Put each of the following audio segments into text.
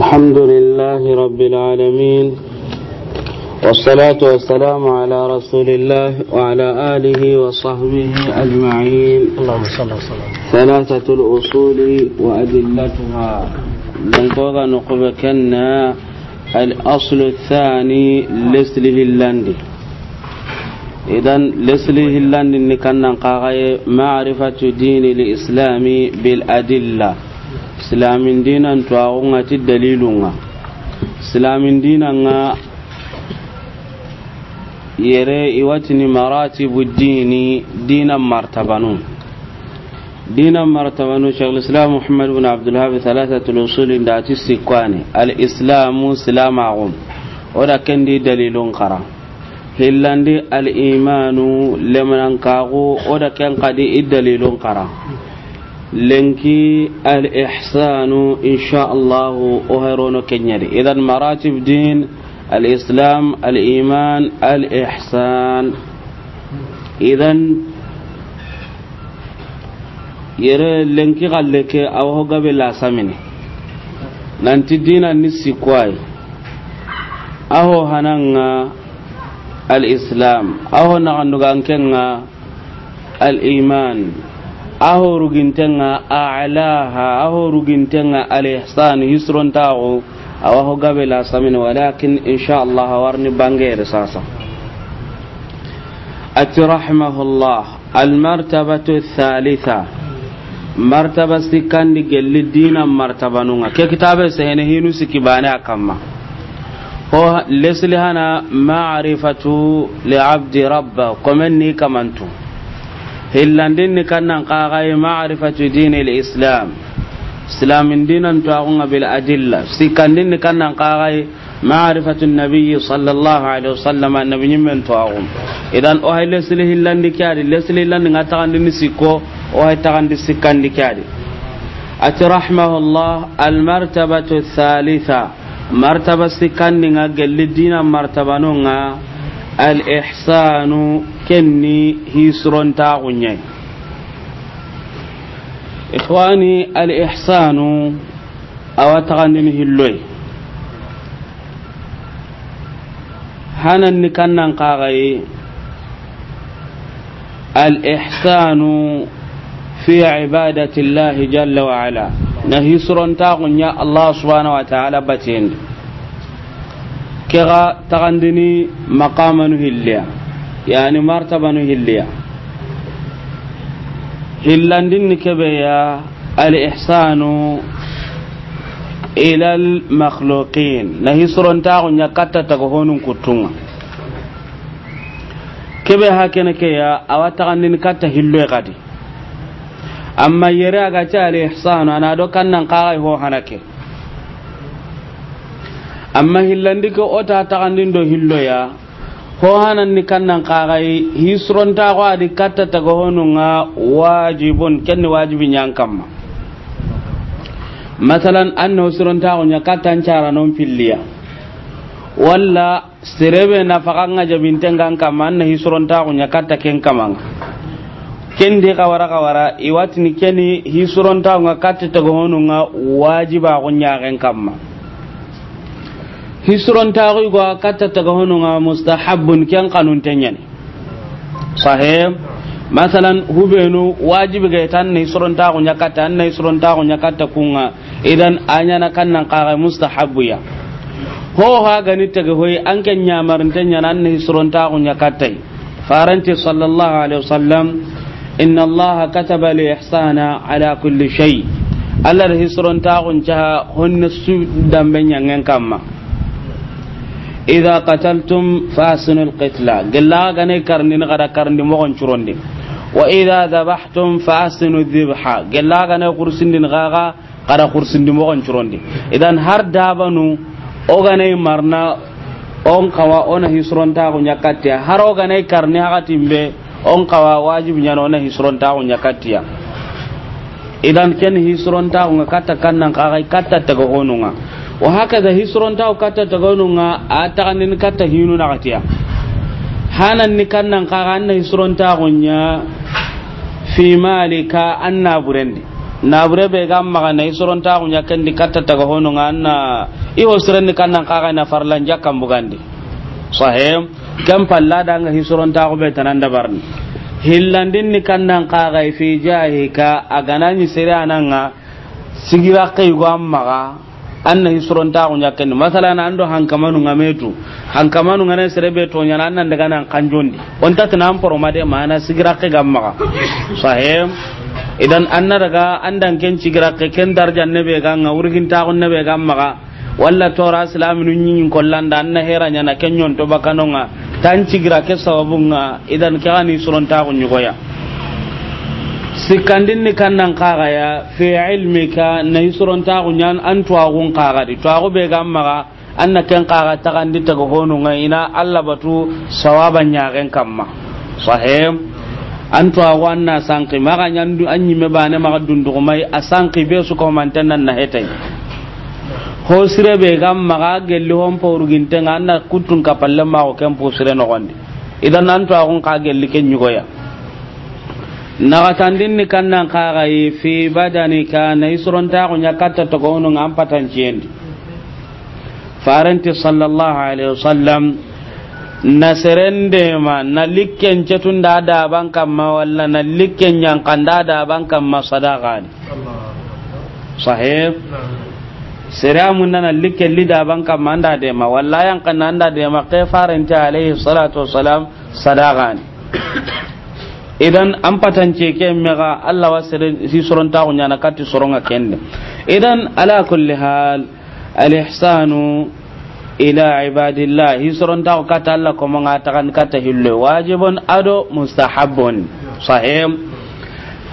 الحمد لله رب العالمين والصلاة والسلام على رسول الله وعلى آله وصحبه أجمعين اللهم صل وسلم ثلاثة الأصول وأدلتها لنقوغا نقبكنا الأصل الثاني لسله اللندي إذا ليس hillandin إن kannan kagaye معرفة دين الإسلام بالأدلة silamin dinan tuwagun a ti dalilun nga silamin dinan nga yere iwatini maratibu dini dinan martabanu dinan martabanu shaykhul islam muhammad ibn abdul wahhab thalathatul usul da ti sikwani al islamu silamakun oda kendi dalilun kara hillandi al imanu lemanan kago oda ken kadi i dalilun kara linki al-ihsanu insha Allah o harono kenyadi idan maratib din al-islam al-iman al idan yere lenki galleke aw hogabe la nanti dina nisi aho hananga al-islam aho naganduga ankenga al-iman ahorugintenga alaha ahorugintenga alihsan hisrontaxu awa ho gabe lasamine walakin insha allah warni bangere sasa ati rahimahullah almartabatu thalitha martaba sikkandi gelli dina martabanunga ke kitabe sehene hinu sikibane a kamma ho marifatu liabdi rabba komen kamantu hillandin ni kannan kagai ma'rifatu dinil islam islamin dinan to agun bil adilla sikandin ni kannan kagai ma'rifatu nabiyyi sallallahu alaihi wasallam annabiyyin men to agun idan o hay lesli hillandi kadi lesli hillandi ngata kan ni sikko o hay ta kan sikandi kadi ati rahmahullah al martabatu thalitha martaba sikandi nga gelli dinan martabanonga al ihsanu kenni hisronta kunyai ikhwani al-ihsanu awa tagandin hilloi hanan ni kannan kagaye al-ihsanu fi ibadati Allah jalla wa ala na hisronta kunya Allah subhanahu wa ta'ala batin kega tagandini maqamanu hilliya yani martabanu hilliya hillandinni keɓeya al ihsanu ila makhluqin na hisorontaxu ñakkattatago honum kuttunga keɓe ha kene a awa taxandini katta hilloe xadi amma yere agace al ihsanu ana do kannan kaxay ho hana ke amma hillandi ke ota taxandin do hilloya ko hananni kannan ta ko adi kattataga honunga wajibun kenni wajibi ñan kamma masalan an ne hosirontaxoña cara non filliya walla serebe nafaxanga jabintengan kamma an ne hisrontaxoña katta ken kamanga kendi xawara xawara iwatini keni hisurontaxonga kattataga honunga wajibaxo nyaken kamma hisron taxuy goa katta taga hononga mustahabun ken ne sahe masalan hubenu wajibi ga tan ne suron ta gunya kata an ne ta kata kunga idan anya na kannan qara mustahabbu ya ho ha gani ta ga hoyi an kan nyamarin tan yana ne suron ta gunya kata faranti sallallahu alaihi wasallam inna allah kataba li ihsana ala kulli shay allah da hisron ta gunja honna su idza qataltum fasinul qitla gella gane karni ni kada karni mo gon churondi wa idza dhabhtum fasinu dhibha gella gane kursindi ni gaga kada kursindi mo gon churondi idan har dabanu o gane marna on kawa ona hisronta ko nyakatiya har o gane karni hakatimbe on kawa wajibi nyana ona hisronta ko nyakatiya idan ken hisronta ko ngakata kannan kaga katta tago honunga wa haka da hakaza hisronta katta tagonunga a taganin katta hinu na katiya hanan ni kan nan an kaga anna hisronta gonya fi malika anna burendi na bure be ga maga na hisronta gonya kandi katta ta tagonunga na iho siren ni kan nan kaga na farlan jakan bugan. jakkan da sahem kam palla danga hisronta go be tanan dabarni hillandin ni kannan kaga fi jahika agana ni sire ananga sigira kai go maka. anna hisron ta kunya kan masala na ando hankamanu ngametu hankamanu ngana serebe to nyana nan daga nan kanjondi on ta tan amporo made mana sigira ke gamma sahem idan anna daga andan ken sigira ke ken darja nebe ga ngawurhin ta kun nebe gamma walla to tora islamin nyin kollanda anna hera nyana kenyon to bakanonga tan sigira ke sababunga idan kani suron ta kunya sikandin ni kan nan kaga ya fi ilmika na yusuron ta kunyan an kun kaga di tuwagu bai ga maka an na kan kaga ta kan di taga honu nga ina Allah batu sawaban yagen ma sahim an tuwagu an na sanki maka nyandu an yi ba ne maka dundugu mai a sanki bai su kuma mantan nan na hetai ko sire bai ga maga gelli hon paurugin tenga an na kutun kapallen mako ken po sire na gondi idan an kun ka gelli ken yugo ya naxatandin ni kan nan kaxayi fi badanika na i sorontaxuña katta togounu nga n patanciyendi farenti sallallahu alaihi wasallam na serendema na likken cetun da daban kamma walla na likken yankan da daban kamma sadaqani sahib siramun na na likken li daban kamma anda dema walla yankan na anda dema kai farenti alaihi salatu wasalam sadaqani idan an patance ke mega Allah wa si soron ta kunya na kati soronga kende idan ala kulli hal al ihsanu ila ibadillah hi soron ta kata Allah ko manga ta kan kata hillo wajibun ado mustahabun sahim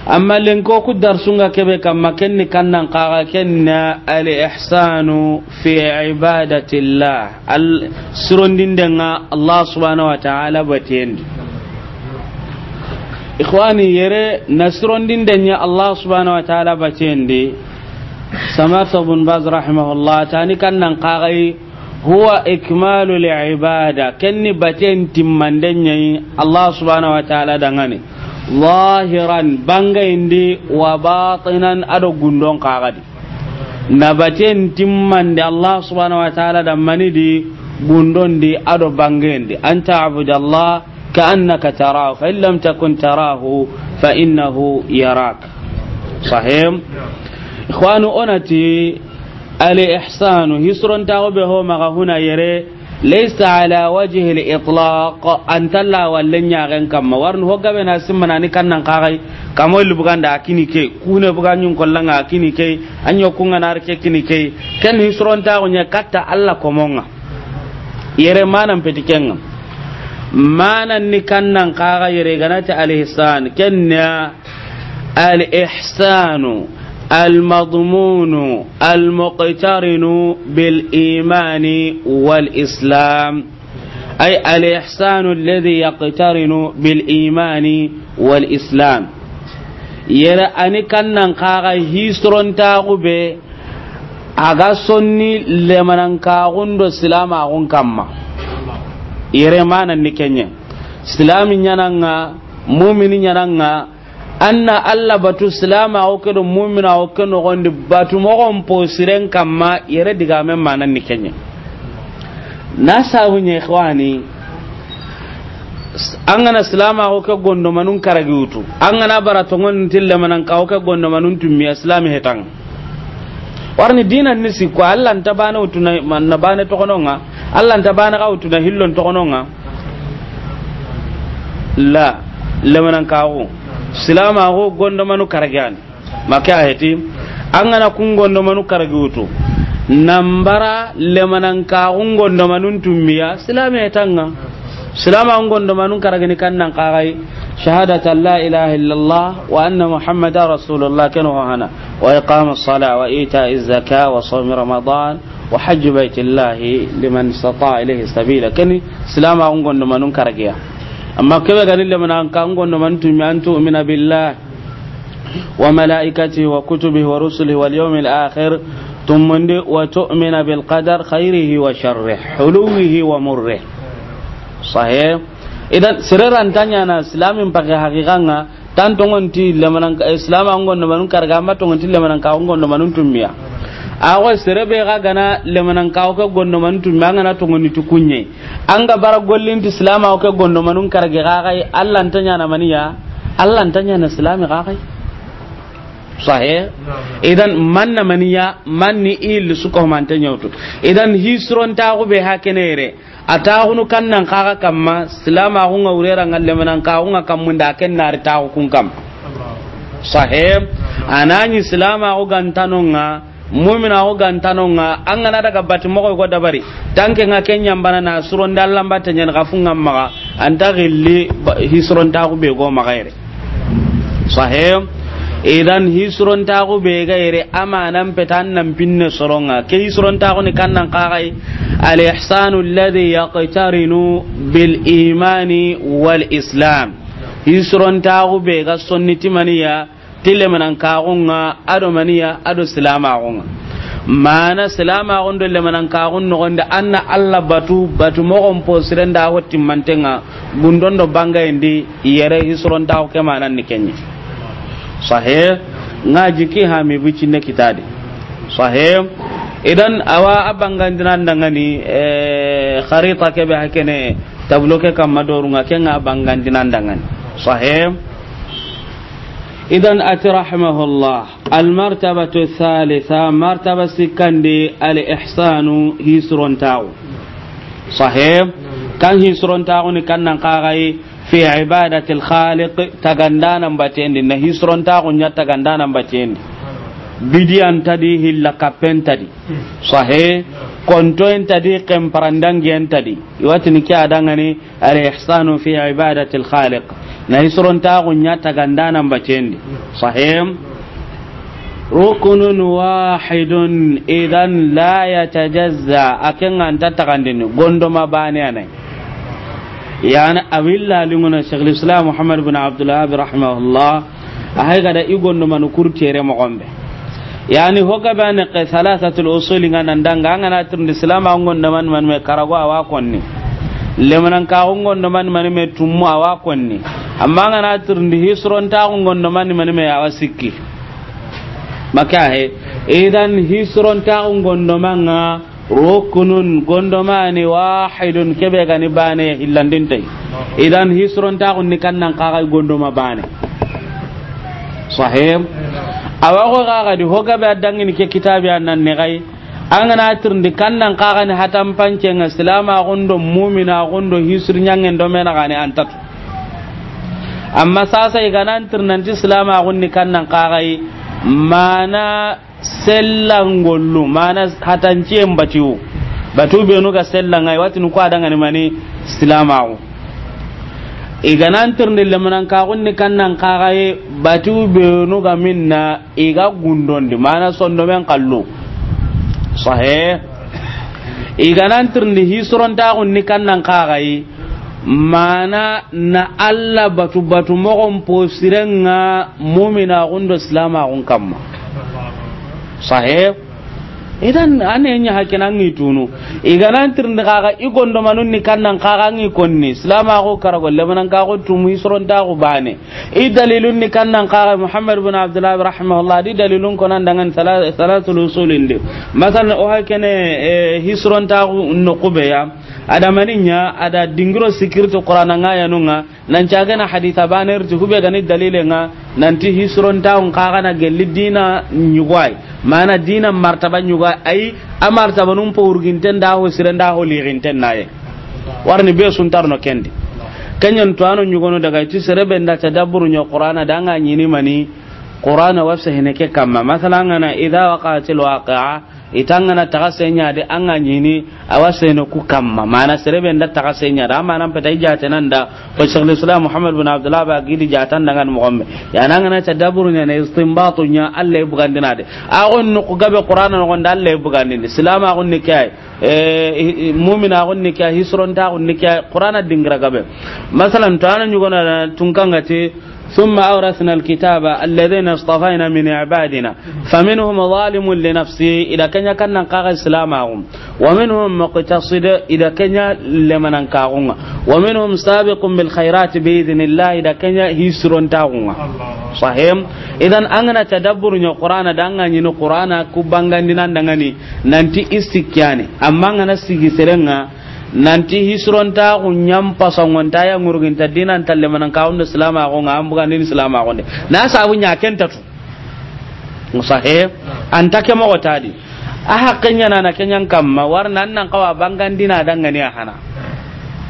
amma len ko ku darsunga kebe kamma kenni kannan kaga kenna al ihsanu fi ibadatillah al denga Allah subhanahu wa ta'ala batin ikhwani yere nasron din denya allah subhanahu wa ta'ala bacendi samarta bin baz rahimahullah tani kan nan kagai huwa ikmalu ibada kenni baten timmandenya allah subhanahu wa ta'ala dangane zahiran indi wa batinan ado gundon kagadi na baten timmande allah subhanahu wa ta'ala damani di gundon di ado bangayindi anta abudallah كأنك تراه فإن لم تكن تراه فإنه يراك صحيح إخوان أنتي الإحسان يسر تغبه مغا هنا يري ليس على وجه الإطلاق أن تلا ولن يغن كما ورن هو قبنا سمنا نكنا قاقي kamo lu bugan da akini ke kune bugan yun kollan ga akini ke anyo kunga nar ke kini ke ken hisron ta onya katta alla komonga yere manan manan ni kannan kaga yere ganati al ihsan kenna al ihsanu al bil imani wal islam ay al ihsanu alladhi bil imani wal islam yere ani kannan kaga hisron ta gube aga sonni lemanan kagundo silama gun kamma ire mana ni kenye islami nyananga mu'mini nyananga anna alla batu silama o kedo mu'mina o kedo gondi batu mo gon po siren kama ire diga men manan ni kenye na hunye ikhwani an gana silama ko ke gondo manun karagi wutu an gana bara tongon tille manan ka ko ke gondo manun tummiya silami hetang warni dina ni ko allah nta bana utuna manna bana nga allah nta bana ka utuna hillon nga la lemanan kawo silama ko gondo manu karagan maka aheti an gana kun gondo manu karagutu nambara lemanan kawo gondo manun tumiya silama etanga silama gondo manun karagani kan nan شهادة لا إله إلا الله وأن محمد رسول الله كانوا هنا وإقام الصلاة وإيتاء الزكاة وصوم رمضان وحج بيت الله لمن استطاع إليه سبيلا كني سلام أنقون لما ننكر أما كيف قال لما أنقون لما أنتم أن تؤمن بالله وملائكته وكتبه ورسله واليوم الآخر ثم وتؤمن بالقدر خيره وشره حلوه ومره صحيح idan sireran tanya na islamin pakai hakikanga tan tongon ti lamanan islam an gon manun karga ma tongon ti lamanan ka gon manun tummiya awa serebe ga gana lamanan ka ko gon manun tummiya ngana tongon ti kunye an ga bara gollin ti islam ko gon manun karga ga ga Allah tanya na maniya Allah tanya na islami ga ga sahih idan man na maniya man ni il su ko man tanyautu idan hisron ta go be hakenere ata hunu kannan kaga kamma silama hu ngaurera ngalle manan ka hu ngakam munda ken nar ta kun kam sahih anani silama go gantanonga mumina ko gantano nga an gana daga bati mako ko dabari tanke nga kenya bana na suron dallan bata nyen ga funga maga ta gilli hisron ta ko be go magaire sahih idan hisron tagu be ga ire amanan petan nan pinne soronga ke hisron tagu ni kannan qagai al ihsanu alladhi yaqtarinu bil imani wal islam hisron tagu be ga sonniti maniya tile manan ka kagunga ado maniya ado silama gunga mana silama gondo le manan ka no gonda anna alla batu batu mo on sirenda hotti mantenga gundon do banga indi yere hisron tagu ke manan ni kenyi sahih na jiki ha me bi cinne kitade sahih idan awa abangandinan dangani eh kharita ke be hakene tablo ke kam madoru nga ke nga abangandinan dangani sahih idan ati rahimahullah al martabatu thalitha martaba sikandi al ihsanu hisron taw sahih kan hisron taw ne kan nan kagai fi ibadati khaliq tagandana mbatendi na hisron ta gunya tagandanan batendi bidiyan tadi hilla kapen tadi sahe konto en tadi kemparandan gen tadi iwati ni kya dangane al ihsanu fi ibadati khaliq na hisron ta gunya tagandanan mbatendi sahe rukunun wahidun idan la yatajazza akan anta tagandini gondoma bane anai yani awilla lingona shaykhul islam muhammad ibn abdullah rahimahullah ahay gada no man kurtere mo gombe yani hoga bana ka al usul ngana ndanga ngana tur islam angon man man me karago awa konni lemanan ka angon man man me tummo awa konni amma ngana ndi hisron ta angon man man me awa sikki maka he idan hisron ta angon manga rukunun gondomani wahidun kebe gani bane illandintai idan hisron taxunni kannan kaxay gondoma bane sahim awa ko kaxadi hogabe a dangini ke kitabe a nan ni an gana tirndi kannan kaxani hatan pancenga silama xundo mumina xundo hisri ñangen do mena xani an tatu amma sasa iganan tirnanti silama xunni kannan kaxay mana sellan gollu mana hatancien batiwu batu benu nuka sellan ai watin ko adanga ni mani islamau iganantirni lemanan kaxunni kannan kaxaye batu benu nuka minna iga gundon di mana sondomen kallu sahe kan hisurontaxunni kannan kaxaye mana na allah batu batu moxon posirenga mumina xundo silamaxun kamma sahib idan ane nya hakina ngi tunu iganan tirnde kaga igondo manun ni kannan kaga ngi konni islama ko karago le manan kago tumu isron da go bane idalilun ni kannan kaga muhammad ibn abdullah rahimahullah di dalilun konan dangan salatul usulin de masalan o hakene eh, hisron ta go no ya ada maninya ada dingiro sikirto qur'ana ngaya nunga nan caga na haditha baner tu hube gani dalile nga nanti hisron taun kaga na gelli dina nyugwai mana dina martaba nyugwai ai amartaba num po urginten da ho sirenda ho liginten nae warni be sun tarno kendi kanyan to ano nyugono daga ti serebe nda daburu nyo qur'ana nga nyini mani qur'ana wafsa hene ke kamma masalan ana idha waqa'atil waqi'a itanga na taga senya de anga nyini awa seno ku kamma mana serebe nda taga senya da mana peta jate da ko shaykhul islam muhammad bin abdullah ba gidi jatan dangan mugamme ya nan na ta daburu ne istinbatu nya alle bugandina de a on no ku gabe qur'ana no gonda alle bugandina islam a ne kay e mu'mina on ne kay hisron ta on ne kay qur'ana dingra gabe masalan to anan yugo na tungkanga te ثم أورثنا الكتاب الذين اصطفينا من عبادنا فمنهم ظالم لنفسه إذا كان كان نقاغ إسلامهم ومنهم مقتصد إذا كان لمن نقاغون ومنهم سابق بالخيرات بإذن الله إذا كان هيسرون تاغهم صحيح إذا أنا تدبر نيو القرآن دعنا نقرآن كبانغان دينا دعاني ننتي استكياني أما أنا سيكي سرنا nanti hisronta ku nyam pasongonta ya ngurgin ta dinan talle manan kaun da salama ko ngam bukan din salama ko ne na sabu nya kenta tu musahe anta ke mo tadi a hakkanya yana na kenyan kamma war nan nan kawa bangan dina dan dangane a hana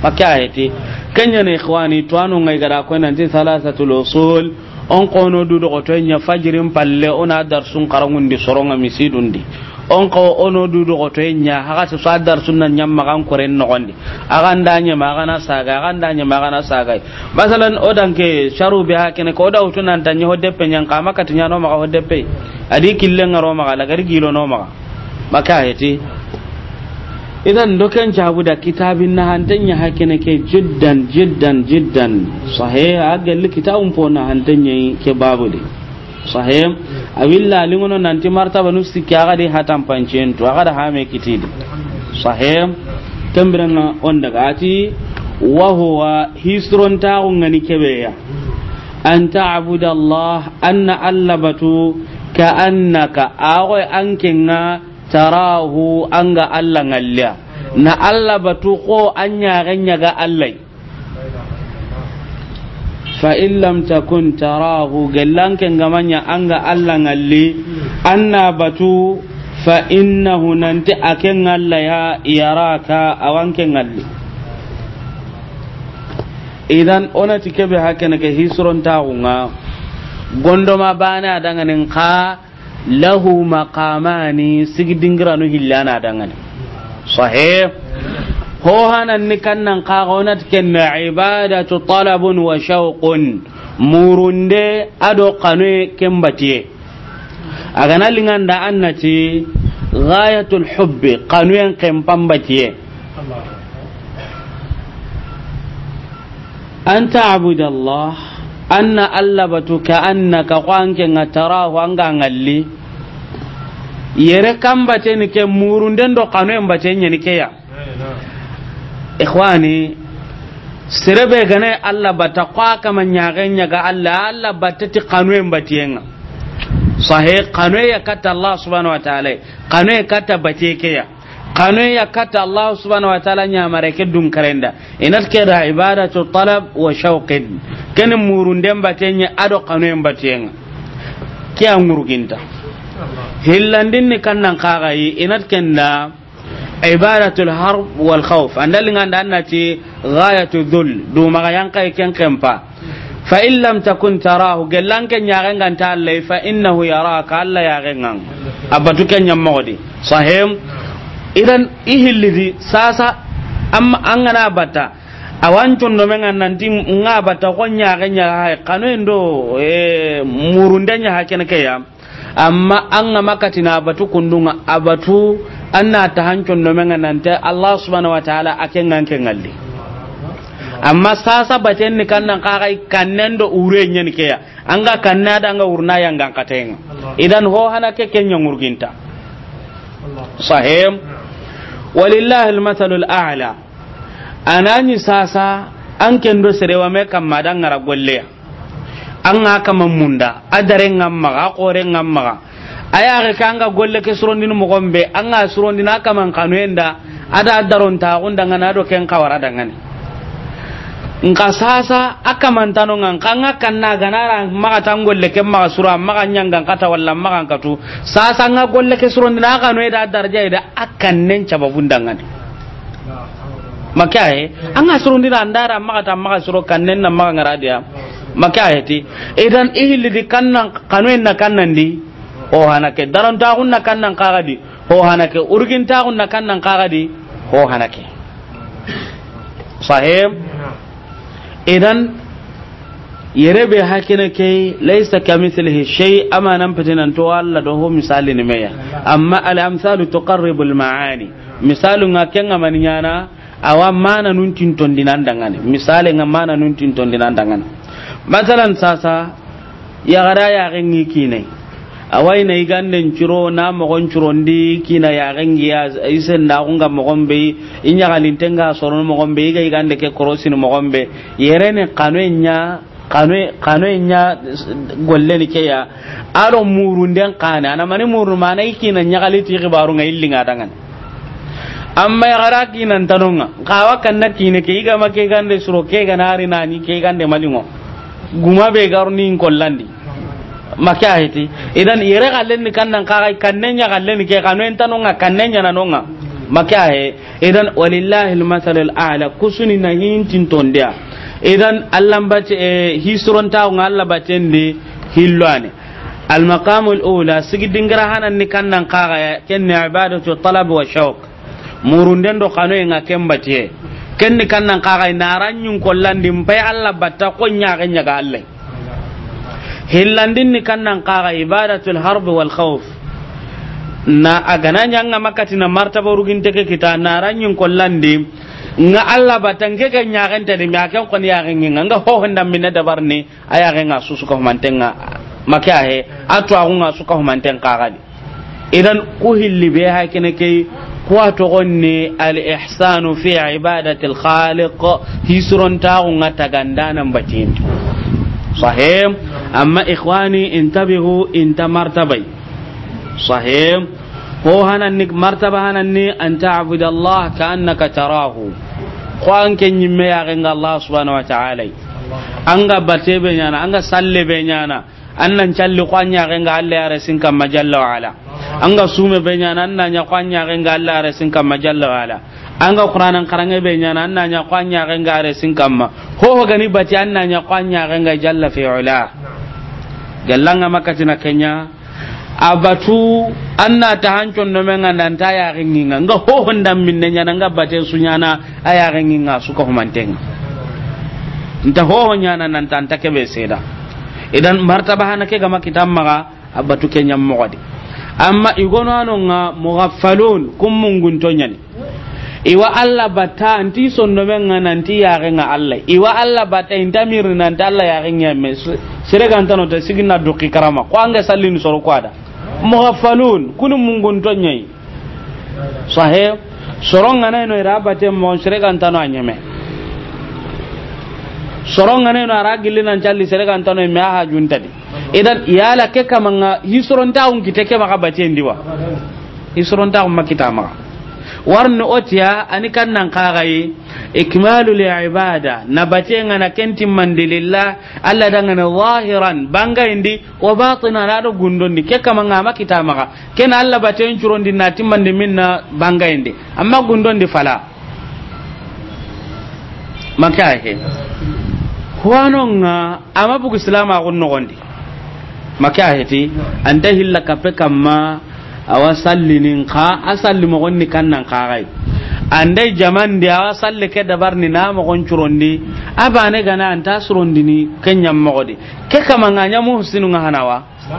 maka ayati kenya ne ikhwani to anu ngai gara ko nan tin salasatul usul on qono du do to nya fajirin palle ona darsun di soronga misidundi on ko ono dudu ko to nya haga su sadar sunnan nyam magan koren no gondi aga ndanye magana saga aga ndanye magana saga masalan odan ke sharu bi kene ko da utunan tanye hodde pe nyang kama katinya no maga de pe adi killen ngaro maga la gar gilo no maga maka heti idan dokan jabu da kitabin na hantanya hakene ke jiddan jiddan jiddan sahiha ga li kitabun po na hantanya ke babu de sahih awilla lingono nanti martaba nu sikki aga di hatam pancen to aga da hame kitidi sahim tambirana on daga ati wa huwa hisron ta ngani kebeya an ta'budu allah anna allabatu ka annaka awo ankenga tarahu anga allah ngalya na allah batu ko anya ganya ga allah fa in lam takun tarahu gellan ken gamanya anga alla ngalli anna batu fa innahu nanti aken alla ya yaraka awan ken ngalli idan ona tike be hakene ke hisron taunga gondoma bana danganin ka lahu maqamani sigdingranu hillana dangane sahih ho hanan ni kannan kagonat kenna ibadatu talabun wa shauqun murunde ado kanwe kembatiye agana linganda annati ghayatul hubbi kempan batiye an ta'budu allah anna allabatu ka annaka qanke ngatarahu anga ngalli yere ni ke murunden do kanwen baten yani keya ikhwani sirabe gane Allah bata kwa kama nyagen ga Allah Allah bata ti kanwe mbatiyenga sahih kanwe ya kata Allah subhanahu wa ta'ala kanwe ya kata batike ya kanwe ya kata Allah subhanahu wa ta'ala nya mareke dun karenda inal ke da ibadatu talab wa shauqin ken murunde mbatenye ado kanwe mbatiyenga kiya nguruginta hillandin ni kannan kagai inat kenda ibadatul harb wal khawf andal nganda annati ghayatul dhul du maga yankai ken kempa fa in lam takun tarahu gellan ken yaren ganta Allah fa innahu yaraka Allah ya ngang abatu ken nyamodi sahim idan ihillizi sasa amma an gana bata a wancan domin an nan tim nga bata kon yaren ya kanu endo e eh, murunda nya hakene kayam amma an ga makati makatina a kundunga an na ta hankin domin nan ta Allah subhanahu wa ta'ala a aken nganke ngalli amma sasa baten ni kannan ka kai kannen da ure nyen ya an ga kanna da ga urna yang ga katenga idan ho hana ke kenya ngurginta sahim walillahi almathalu al'ala anani sasa an kendo serewa me kam madangara an ga kama munda adare ngamma ga kore ngamma ga aya ga kanga golle ke suron dinu mogon be an ga suron dinu aka man kanu a ada daron ta gunda ngana do ken kawara dangane nka sasa aka man tano kan kanga kanna ganara maga tan golle ke maga sura maga nyanga kata walla maga katu sasa nga gole ke suron dinu aka no eda darja eda akan nen cababun dangane makaye an ga suron dinu andara maka tan maka suro kannen na maga ngaradiya. maka ayati idan ihilli di kannan kanu na kannan di ho hanake daran ta na kannan kaga di ho hanake urgin ta na kannan kaga di ho hanake sahib idan yere be hakina ke laysa kamithlihi shay ama nan fitinan to Allah do ho misali ne meya amma al amsalu tuqarribu al maani misalu ngakenga maninyana awa mana nun tinton dinan misale ngamana mana nun tinton masalan sasa ya yaxengi kinai awayna iganden curo na mogon curondi kina yaxengi ya isendaxunga mogon be i ñagalintenga soron mogon be iga igande ke korosini mogon ya yerene kanoe ña kanoe ña golleni keya aɗo murunden kane anamani murnu mana i kina ñagaliti xibarunga illinga dangani amma yagara kinantanonga xawa kanna kine ke igama ke gande suro ke ganari nani ke gande malingo guma be garuni kollandi make a heti idan yere gallenni kannan kaxay kannen ñagallenni ke xano en tanonga kannen ñananonga make a he idan walillahi lmasalu lala kusuni na hintintondeya idan allahnbace hisirontaxunga allah batendi المقام الأولى سجد عبادة الطلب والشوق kenni kannan kaga naranyun kollandin pai Allah batta konya ganya ga Allah hillandin ni kannan kaga ibadatul harb wal khawf na agana nyanga makati na martaba rugin teke kita naranyun kollandi nga Allah batta ke ga nyagen tani mi akan kon ya gen nga ho handa min da ne aya gen asu suka mantenga makya he atwa ngunga suka mantenga kaga idan uhilli be ha kene kee kuwa togonni al-ihsanu fi ibadati al-khaliq hisron tawo ngata gandanan batin sahim amma ikhwani intabihu inta martabai sahim ko hanan ni martaba hanan ni an abudallah ka annaka tarahu ko an ken yimme ya ga Allah subhanahu wa ta'ala an ga batebe nyana an ga salle be nyana annan calli kwanya nga Allah ya resin kan majalla wa ala anga sume be nyana nan nya kwanya nga Allah ya resin kan majalla wa ala ga qur'anan karange be nyana nan nya kwanya renga resin kan ma ho ho gani bati annan nya kwanya nga jalla fi ula gallanga tina kenya abatu anna ta hancon no men nan ta ya ringinga nga ho ndam min ne nan nga bate sunyana aya ringinga suka manteng nta ho nyana nan ta ta kebe seda idan martaba hanake gama kitam maga abatu kenya mogodi amma igono anonga mughaffalun kum munguntonyani iwa alla bata anti sonno menga nanti yare nga alla iwa alla bata intamir nanti alla yare nya mes sere gantano ta sigina doki karama ko anga sallin soro kwada mughaffalun kun munguntonyai sahe soronga nay no irabate mon sere gantano anyeme sorongane no ara gilli nan calli sere kan tano me ha junta di idan yala ke kamanga hisronta un kite ke maka baten diwa maka otiya ani kan nan kagaye ikmalu li ibada na batenga kenti alla danga na zahiran banga indi wa batina na do gundondi ke kamanga maka ken alla baten curondi na minna banga indi amma fala makahe huwanonga ama islam silama gun gondi maka aheti anda hilla kape kamma awa sallinin ka a salli mogonni kannan kaxay andai jamandi awa salli ke dabar ni na mogon curondi a ne gana anta surondini ken ñammogodi ke kama nga nya kamanga ñamu husinunga hanawa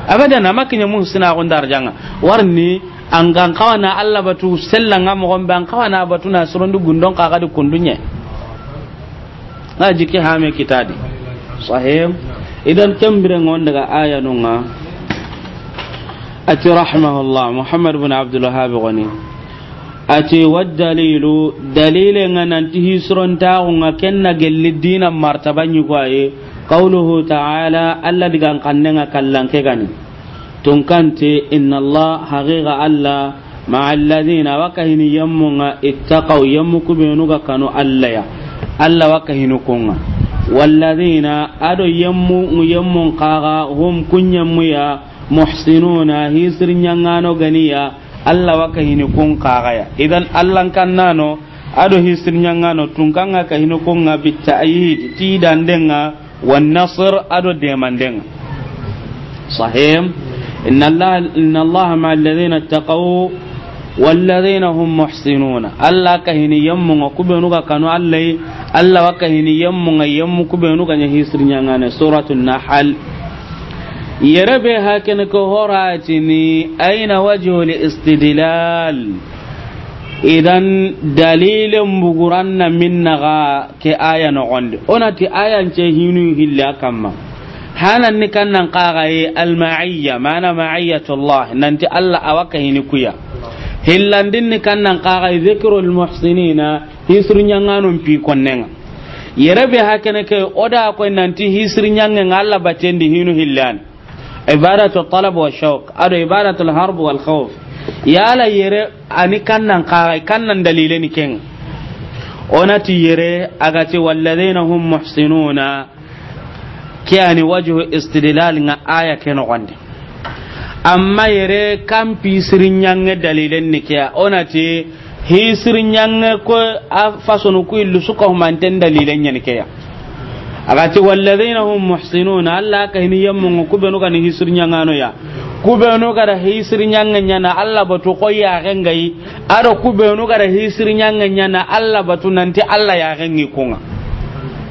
abadan mu ke ñamu husinaxunda arjanga warni angan kawana allah batu sellanga mogon be an kawana batu na surondi gundon kaxadi kundunye na jiki hame kitadi sahim idan kambire ngon daga aya nunga ati rahimahullah muhammad ibn abdul wahhab gani ati dalilu dalile nan ti hisron tawo nga kenna gelli dina martabanyu kwaye qawluhu ta'ala alla digan kanne nga kallan ke gani tun kante inna allah haqiqa alla ma'a alladhina wa kahini yammunga ittaqaw yammuku kanu alla alla waka hinu konga walladina ado yemmu yemmun qaga hum kunyammu ya muhsinuna hisir nyangano ganiya alla waka hinu kun qaga ya idan allan kannano ado hisir nyangano tungkanga ka hinu konga bitayid ti dandenga wan nasr ado demandenga sahim inna allaha inna allaha ma'al ladina taqaw والذين هم محسنون الله كهني allai كبنو كانوا الله الله وكهني يمون يم كبنو كان يسر نيانغان سورة النحل يربي هكذا كهوراتني أين وجه الاستدلال idan dalilin buguran na min naga ke aya na wanda ona ti ayan ce hinu hilla kamma hanan ni kan nan al ma'iyya mana ma'iyyatullah nan ti Allah awaka hini kuya hillandin ni kannan kaga zikrul muhsinina hisru nyanganun pi konnenga yere be hakene ke oda ko nanti hisru nyangen alla batendi hinu hillan ibadatu talab wa shawq ado ibadatu al harb wal khawf yala yere ani kannan kaga kannan dalile ni ken onati yere agati walladheena hum muhsinuna kiyani wajhu istidlal nga aya kenogonde amma yere sirin sirinyange dalilen ni ona ce hi sirinyange ko a faso ku illu suka humanten dalilen yani kiya na hun muhsinu na allah ka hini yammu ku nuka ni hi sirinyangano ya kube nuka da hi sirinyange na allah batu ko ya gengai aro ku nuka da hi sirinyange na allah batu nanti allah ya gengi kunga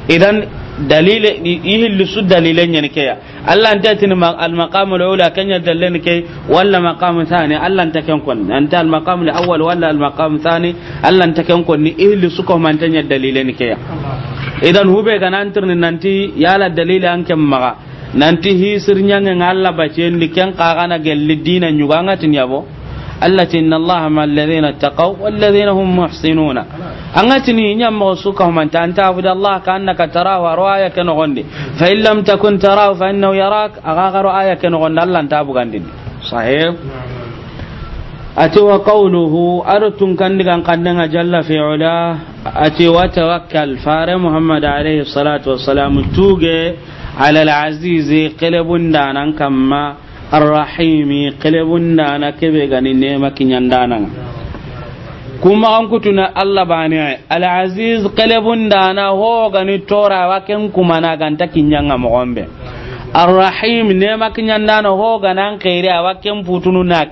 idan dalile ihillu lusu dalilen yan keya Allah anta tin al maqam al ula kanya dalen ke walla maqam thani Allah anta kan kon anta al maqam al awwal walla al maqam thani Allah anta kan kon ni ihillu su ko man tanya dalilen keya idan hube kan ni nanti la dalile an kan maga nanti sirnya nyanga Allah bace ni kan na gelli dinan nyuga ngatin yabo allati inna allaha ma alladhina taqaw walladhina hum muhsinuna angatini nyamma suka man ta anta abuda allah ka annaka tarahu arwaya kan gonde fa in lam takun tarahu fa innahu yarak agagaru aya kan gonde allah ta bugandin sahih ati wa qawluhu aratun kandigan kandanga jalla fi ula ati wa tawakkal fare muhammad alayhi salatu tuge ala al-aziz qalbun الرحيم قلبنا dana kebe gani nema kinyandana kuma an kutuna Allah bani ai al-aziz kelebun dana ho gani tora wa ken kuma الرحيم ganta kinyanga دانا هو nema kinyandana ho ganan khairi wa ken futunu na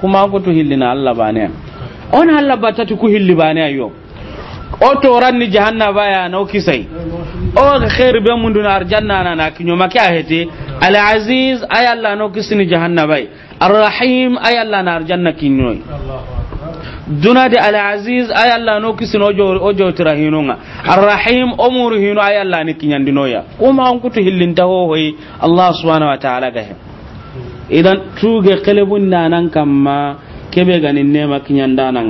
kuma an kutu hillina Allah bani ai Allah o toran ni jahanna baya no kisai o khair be na arjanna na na kinyo makya hete العزيز أي الله نوكسني جهنم باي الرحيم أي الله نار جنة كينوي دونا دي العزيز أي الله نوكسن أجو أجو ترهينونا الرحيم أمور هينو أي الله نكين دينويا وما أنكتو هلين تهوهي الله سبحانه وتعالى جهنم idan tuge kelebun nanan kamma kebe ganin nema kinyan danan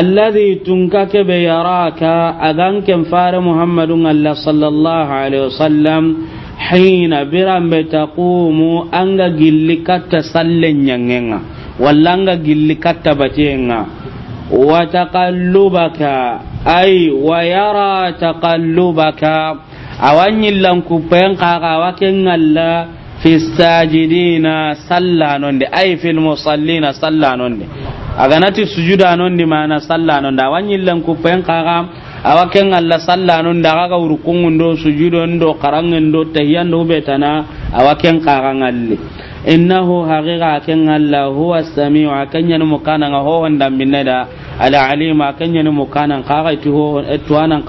alladhi tunka kebe yaraka agan ken fare muhammadun allah sallallahu alaihi wasallam hina birambe taqumu anga gilli katta sallen nyangenga walla anga gilli katta batenga wa taqallubaka ay wa yara taqallubaka awanyi lanku pen kaga waken alla fi sajidina sallanonde ay fil musallina sallanonde aganati sujuda nonde mana sallanonde awanyi lanku pen kaga awa ken alla non da ga rukungun do sujudo ndo karangen do tahiyan do betana awa ken karang alle innahu haqiqa ken alla huwa samiu akanyan mukana ga ho wanda minada ala alima akanyan mukana qarai ho etwana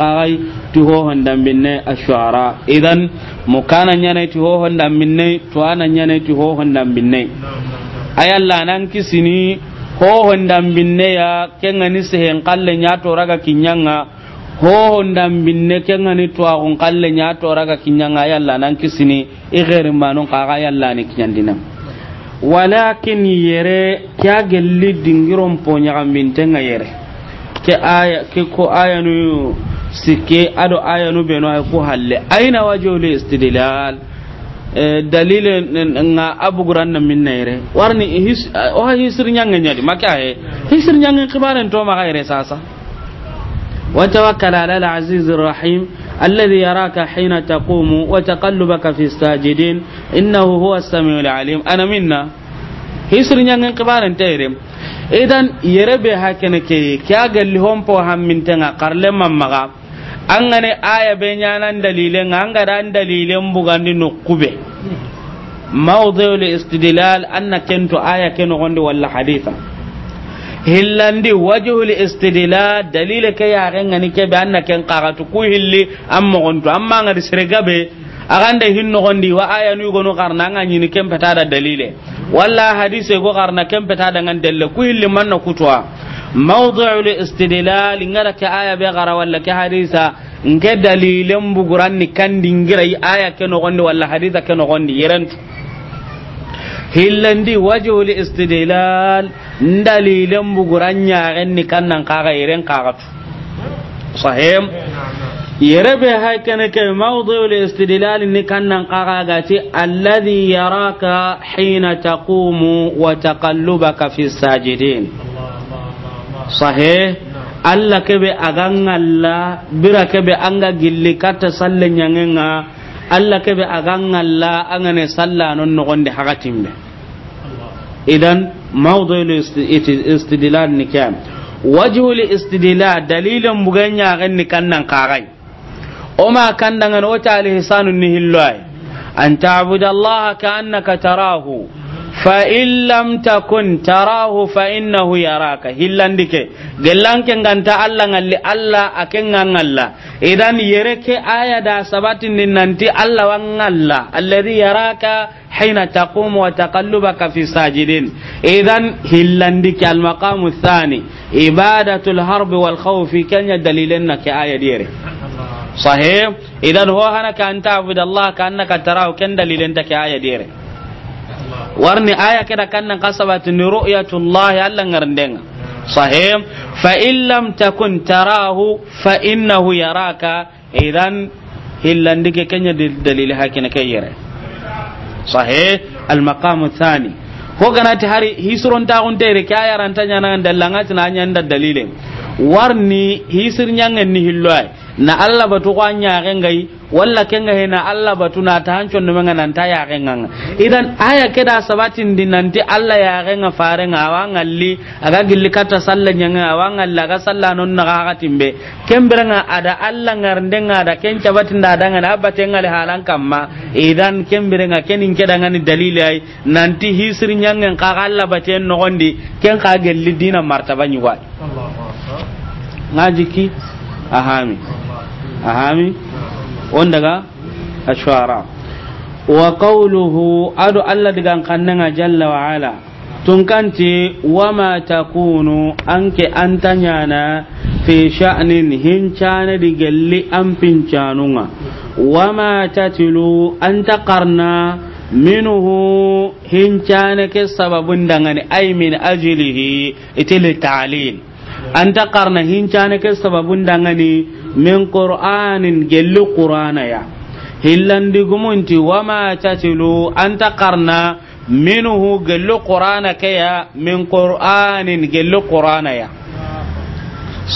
tu ho wanda minne ashara idan mukana nyane ho wanda minne twana nyane ho wanda minne ayalla nan kisini ho wanda minne ya ken ani sehen kalle nya to raga kinyanga ho ndam binne kenga ni to kun kalle nya to raga kinyanga yalla nan kisini i gherin manon kaga yalla ni kinyandina walakin yere kya gelli dingiron po nyaga mintenga yere ke aya ke ko aya nu ado aya nu beno ay ko halle aina wajhul istidlal e, nga abuguran yere warni his o hisir nyanga nyadi hisir nyanga to ma sasa وتوكل على العزيز الرحيم الذي يراك حين تقوم وتقلبك في الساجدين إنه هو السميع العليم أنا منا hisri nyangen kibaran tayre idan yerebe hakene ke kya galli hompo hammin tanga karle mammaga an gane aya be nyanan dalilen an ga dan dalilen bugandi nukube mawdhi'ul istidlal anna kento aya keno gonde walla haditha hillandi wajhul istidlal dalila ke yaren ngani ke be anna ken qaratu ku hilli amma gonto amma ngari sergabe aganda hinno gondi wa aya nu gonu karna ngani ni ken petada dalile walla hadise go karna ken petada ngan dalle ku hilli manna kutwa mawdhu'ul istidlal ngara ke aya be gara walla ke hadisa nge dalilen buguran ni kandi ngira aya ke no gondi walla hadisa ke no gondi yerentu hillandi wajhul istidlal dalilan buguran yaren ni kannan kaga iren kaga sahim yarabe haikane ke mawdhul istidlal ni kannan kaga gati alladhi yaraka hina taqumu wa taqallubaka fi sajidin sahih Allah kebe Allah bira kebe anga gilli kata sallen yangenga Allah be agan Allah angane salla non no gonde hakatimbe idan mawdu'ul istidlal ni kam wajhul istidlal dalilan buganya gan ni kannan kagai o ma kandan o wata alhisanun ni hillai an ka'annaka tarahu fa in takun tarahu fa innahu yaraka hillandike gellanke nganta Allah ngalli Allah aken ngalla idan yereke aya da sabatin din nanti Allah wa ngalla alladhi yaraka hina taqumu wa taqallubaka fi sajidin idan hillandike al maqamu thani ibadatul harbi wal khawfi kanya dalilan ke aya dire sahih idan ho hana ka anta abudallah ka annaka tarahu kan dalilan ke aya dire warni aya keda kannan kasabati ni ru'yatullahi allah ngarendenga sahim fa in takun tarahu fa innahu yaraka idan hillandike kenya dalili hakina kayere sahih al maqam athani ko ganati hari hisron ta on tere kaya rantanya nan dallanga tinanya nda dalile warni hisir nyangen ni hilwai. na Allah batu ko anya rengai walla kenga he na Allah batu na ta hancon no menga nan ta ya renga idan aya keda sabati din nanti Allah ya renga fare nga wa ngalli aga gilli kata sallan nya nga wa ngalla ga sallano na ga timbe kembere nga ada Allah ngarnde nga ada ken cabatin da danga na abate ngale halan kamma idan kembere nga kenin keda ngani dalili ai nanti hisri nya nga ka Allah bate no gondi ken ka gelli dina martabani wa Allah ngaji ki ahami ahami on daga ashwara wa qawluhu adu allah diga kannanga jalla wa ala tun kanti wama takunu anke antanyana fi sha'nin hincana digelli an pincanunga wama tatilu anta qarna minuhu hincana ke sababun dangane ay min ajlihi itil ta'lil anta karna hincane ke sababun dangani min qur'anin gelli qur'ana ya hillandi gumunti wama tatilu anta karna minhu gelli qur'ana ke ya min qur'anin gelli qur'ana ya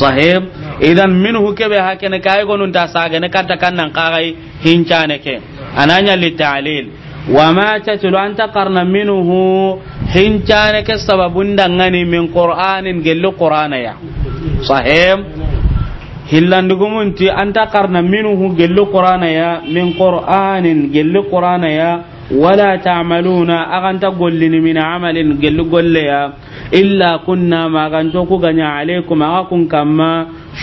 sahib idan minhu be hakene kai gonun ta ne kata kannan hinca hincane ke ananya litalil wama tatilu anta karna minhu hincane ke sababun dangane min qur'anin gelle qur'ana ya sahem hillandigumunti anta karna minuhu gelle qur'ana ya min qur'anin gelle qur'ana ya wala ta'maluna aganta gollini min amalin gelle golle ya illa kunna maganto ku ganya alaikum akun kun kamma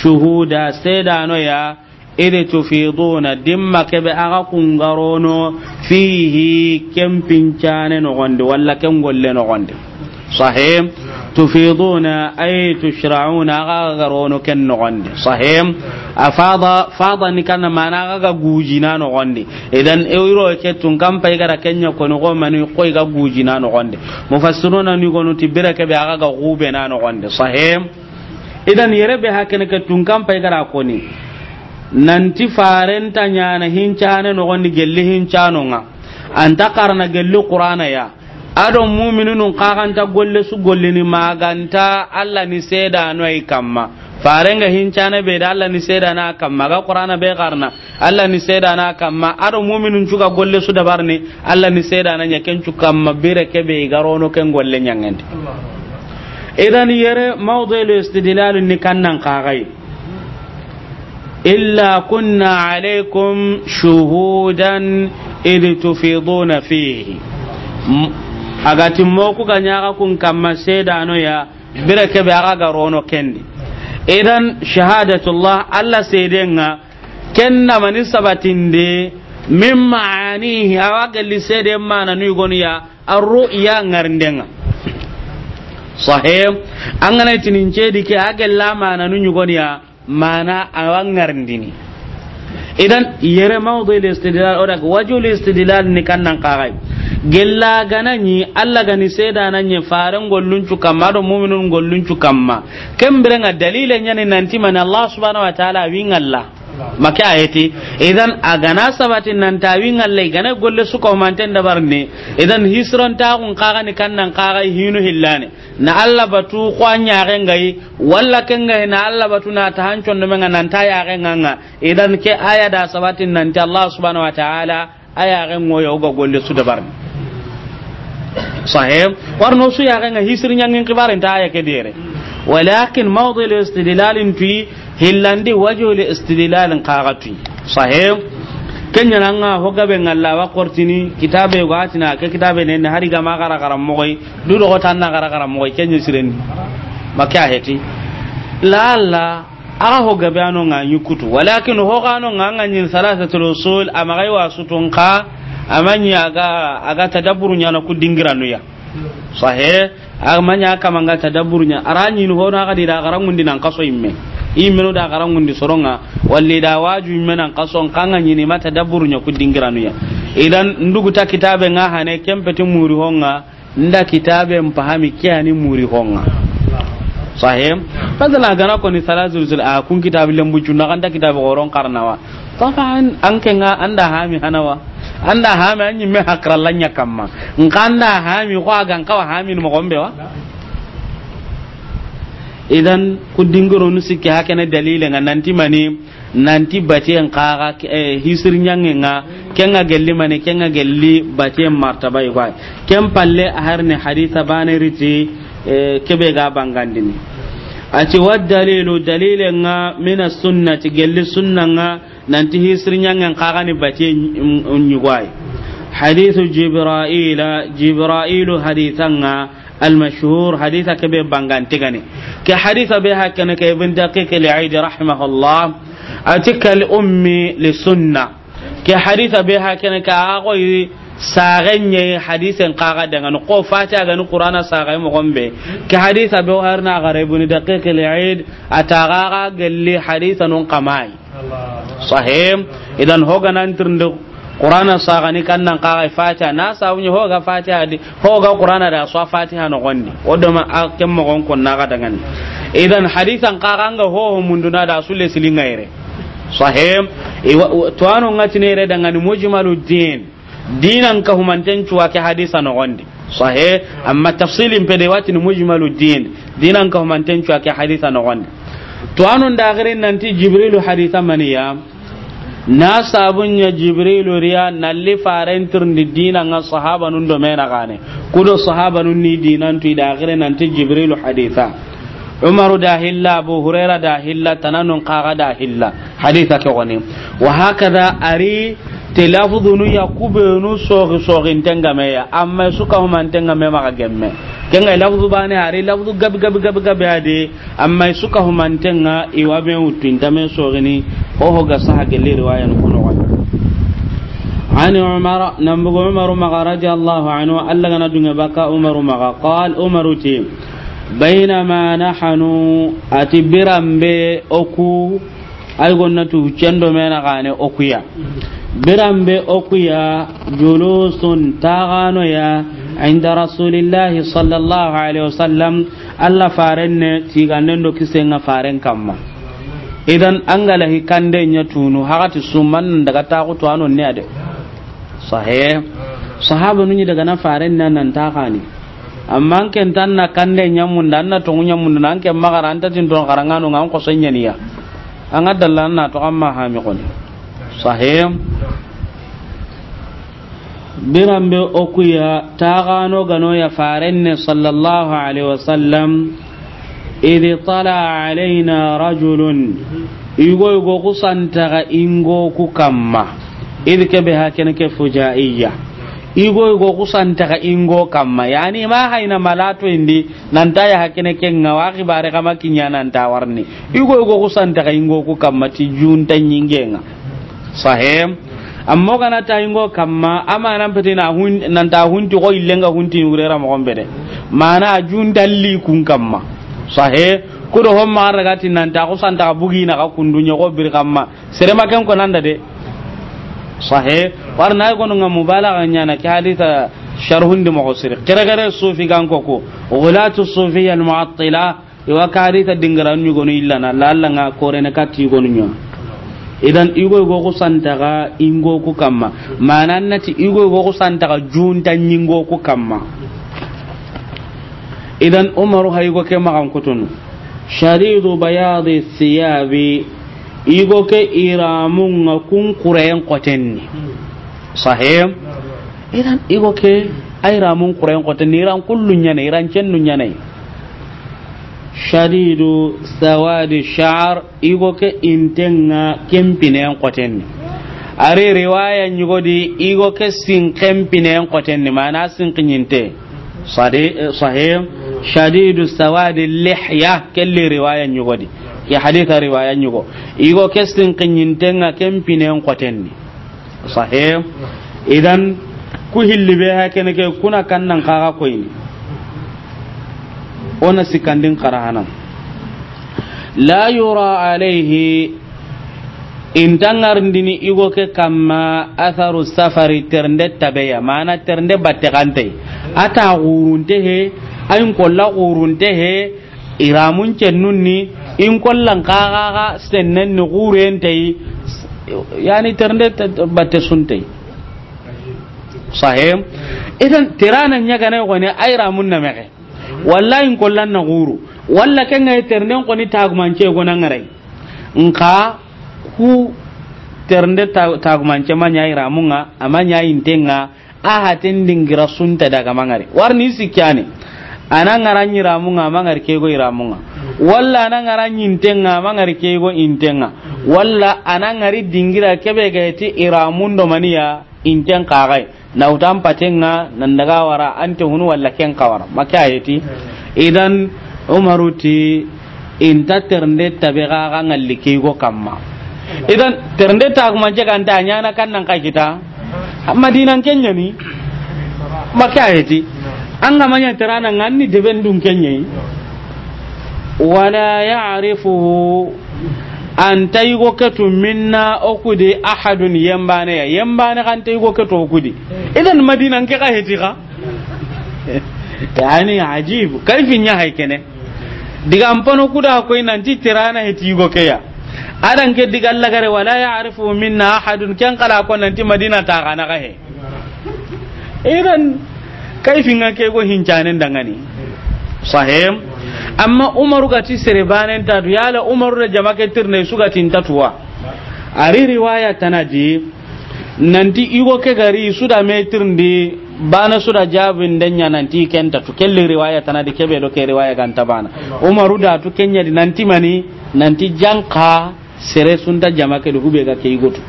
shuhuda sedano ya ede tufiduna dimma kebe aga kungarono fihi ken pincane nogondi walla ken golle nogondi sahim tufiduna ay tushra'una aga garono ken nogondi sahim afada fada ni kana mana aga ga gujina nogondi idan euro ke tun kan pay gara kenya ko no mani ko ga gujina nogondi mufassiruna ni gonu tibira kebe aga ga gube na nogondi sahim idan yare be hakene ke tun kan pay gara ko ni nanti farenta ñana hincane nogondi gelli nga anta karna gelli qur'ana ya ado muminunun ta golle su ni maganta Alla ni seda no ay kamma farenga hincane be da Alla ni na kamma ga qur'ana be karna alla ni seda na kamma ado muminun cuga golle su ni. Alla ni seda na nyaken ken kamma bire kebe garono ken golle nyangandi idan yere mawdhu istidlal ni kannan kagai إلا كنا عليكم شهودا إذ تفيضون فيه أغاتي موكو غنياغا كما سيدانو يا بركة بأغا رونو كندي إذن شهادة الله الله سيدنا كنا من سبتين دي من معانيه أغاق اللي سيدنا ما نيغون يا الرؤيا غرندنا صحيح أغنى تنين جيدي كي أغا لا ما نيغون يا Maana awa ngarindini idan yere mawdu istidlal oda wajul istidlal ni kannan qaray gella ganani alla gani seda nan ye faran gollun kamma do mu'minun gollun cu kamma kembere nga dalile nyane nanti man Allah subhanahu wa ta'ala wi ngalla maka ayeti idan agana sabatin nan tawin Allah gana golle su ko manten da barne idan hisron ta kun kaga ni kannan kaga hinu hillane na Allah batu kwanya ren gai walla ken gai na Allah batu na ta hancon da menga nan ta ya ren renganga idan ke aya da sabatin nan ta Allah subhanahu wa ta'ala aya rengo yo go golle su da barne sahib warno su ya ren hisrin yangin kibarin ta aya ke dire walakin موضع الاستدلال في fi وجه الاستدلال قاغتي صحيح qaqati sahih kenya nanga الله وقرتني ngalla واتنا kortini kitabe هاري غما ke kitabe ne hari ga magara garam moy du do tan na gara garam moy nga nyukutu walakin ho gano nga nga nyin salasatul usul amagai wa ka amanya aga aga tadabburu nyana ku dingiranu ya sahih agmanya kamanga tadabburnya aranyi no hono ga dira garangundi nan kaso imme no da garangundi soronga walli da waju imme nan kaso kanga nyini mata dabburnya kudingiranu ya idan ndugu ta kitabe nga hane kempetin muri honga nda kitabe mpahami kiani muri honga sahim fadala gara ko ni salazul zul a kun kitabe lembu junna da kitabe goron karnawa an nga anda hami hanawa anda hami anyi me lanya kama nganda hami kwa ganka wa hami ni gombe wa idan ku dingiro nu hake na dalile nga nanti mani nanti bace nkaga eh, hisir nyange nga kenga gelli mani kenga gelli bace martaba yuwa kem palle aharne haditha bane riti eh, kebe gaba ngandini ati wa dalilu dalile nga mina sunnati gelli sunna nga nanti hisrinyangen kagani bate nyugwai hadithu jibra'ila jibra'ilu hadithanga المشهور حديث كبير بانغان تغني كحديث بها كان كابن دقيق العيد رحمه الله أتك الأم لسنة كحديث بها كان كأغوي sagenye hadisen kaga daga no ko fati aga no qur'ana sagai mo gombe ke hadisa be harna gare buni daqiq al-eid hadisa sahim idan hoga nan tirndu qur'ana sagani kannan ka fatiha na sawunya hoga fatiha di hoga qur'ana da so fatiha no gonni wodo ma akem mo gon na ga dangan idan hadisan ka ganga ho ho munduna da sulle silinga ire sahim to anu ngati ne ire dangan din dinan ka humanten cuwa ke hadisa no gondi sahe amma tafsilin pede watin din dinan ka humanten cuwa ke hadisa no gondi to anu da garin nanti jibrilu hadisa maniya na sabunya jibrilu riya nalli faran ni dina nga sahaba nun do mena gane kudo sahaba nun ni dinan tu da gare nan ti jibrilu haditha umaru da hilla abu huraira da hilla tananun qaga da hilla haditha ke gane wa hakada ari tilafudunu yakubenu sogi tengame ya amma suka huma tengame ma gemme ken ga lafzu ba ne hari lafzu gab gab gab gab ya amma su ka humanten nga iwa be utin da men so gani ho ho ga sa ga le riwaya no kono wa ani umar nan bu umar ma garaji allah anhu allah ga na dunga baka umar ma ga qal umar uti bainama nahanu atibiram be oku ay gonnatu cendo me na gane oku ya برنب أقيا جلوس تاغانويا عند رسول الله صلى الله عليه وسلم الله فارن فارن تاغو توانو sahaba nuni daga na faren nan nan ta kani amma an ken tan na kande nyamun dan na tungu nyamun nan ken magara don karangano ngan ko sanya niya an adalla na to amma ha mi sahih birambe okuya taxano ganoya farenne sallallahu alaihi wasallam id tala alaina rajulun igo igo kusantaxa ingoku kamma idi kebe ha kene ke fujaiya igo igo kusantaxa ingo kamma yani ma hayna malato indi nanta ya hakene ke ngawa xibare xama kiña nanta warni igo igo kusantaxa ingoku kamma ti junta ñingenga sahem amma kana ta ingo kamma ama nan pete na hun nan ta hun ti ko illenga hun ti urera mo gombe de maana jun dalli kun kamma sahe ko do homma raga tin nan ta ko santa bugi na ka kundunya ko bir kamma sere makan ko nan da de sahe war na ko nga mubalaga nya na kadita sharhun de mo sir kere kere sufi gan ko ko ghulatu sufiyya al mu'attila wa kadita dingaran nyugo ni illana lalla nga kore ne katti gonu nyo idan igo go ku santaga ingo ku kamma mana nati igo go ku santaga junta nyingo ku kamma idan umaru haygo ke magan kutunu sharidu bayadi siyabi igo ke iramun ga kun kurayen kwatenni sahim idan igo ke ay ramun kurayen kwatenni iran kullun yana iran cennun yana shadidu sawadi sha'ar igo ke intenga kempinen qotenni ari riwaya nyugodi igo ke sin kempinen qotenni mana sin kinyinte eh, sahih shadidu sawadi lihya kelli riwaya nyugodi ke haditha riwaya nyugo igo ke sin kinyintenga kempinen qotenni sahih idan ku hillibe hakene ke kuna kannan kaga koyni ona sikandin karahana la yura alaihi intangarindini igo ke kamma atharu safari ternde tabeya mana ternde kante ata gurunte he ayin kolla gurunte he iramun cennunni in kollan kakaga sennen ni gurenteyi yani ternde batte sunte sahem idan tirana ne gone ayramun na mege wallahi kollan na guru walla ken ngai terne ko ni tagumance gona ngarai nka ku ternde tagumance ma nyai ramunga ama nyai intenga a haten dingira sunta daga mangare warni sikyane ana ngaranyi ramunga mangare go iramunga walla ana ngaranyi intenga mangare go intenga walla ana ngari dingira kebe gaeti iramundo maniya inten kagai na utan na nan daga wara ta hunu walla ken kawara maka idan umaru ti in ta ternde ta ga ga ngalli ke go kamma idan ternde ta kuma je kan ta nyana kan nan ka kita madinan kenya ni maka ayati an ga manya tirana nganni deben dun kenya wala ya'rifu anta yigo ketu minna okudi ahadun yambane ya yambane kan yigo ketu kudi hmm. idan madina ke ka heti ka hmm. ni ajibu kaifin ya haikene diga ampano kuda ko ina ji tirana heti yigo ke ya adan ke diga lagare wala ya arifu minna ahadun kan kala ko nanti madina ta gana ka he idan kaifin ke go hincanen dangani hmm. sahim amma umaru gati sere banen tatu yala umaru da jamake tirne su gati tatuwa ari riwaya tanaji nanti igo ke gari su da me tirndi bana su da jabin danya nanti kenta tu kelle riwaya tanadi kebe do ke riwaya ta bana umaru da tu kenya di nanti mani nanti janka sere sunta jamake da hubega ke igotu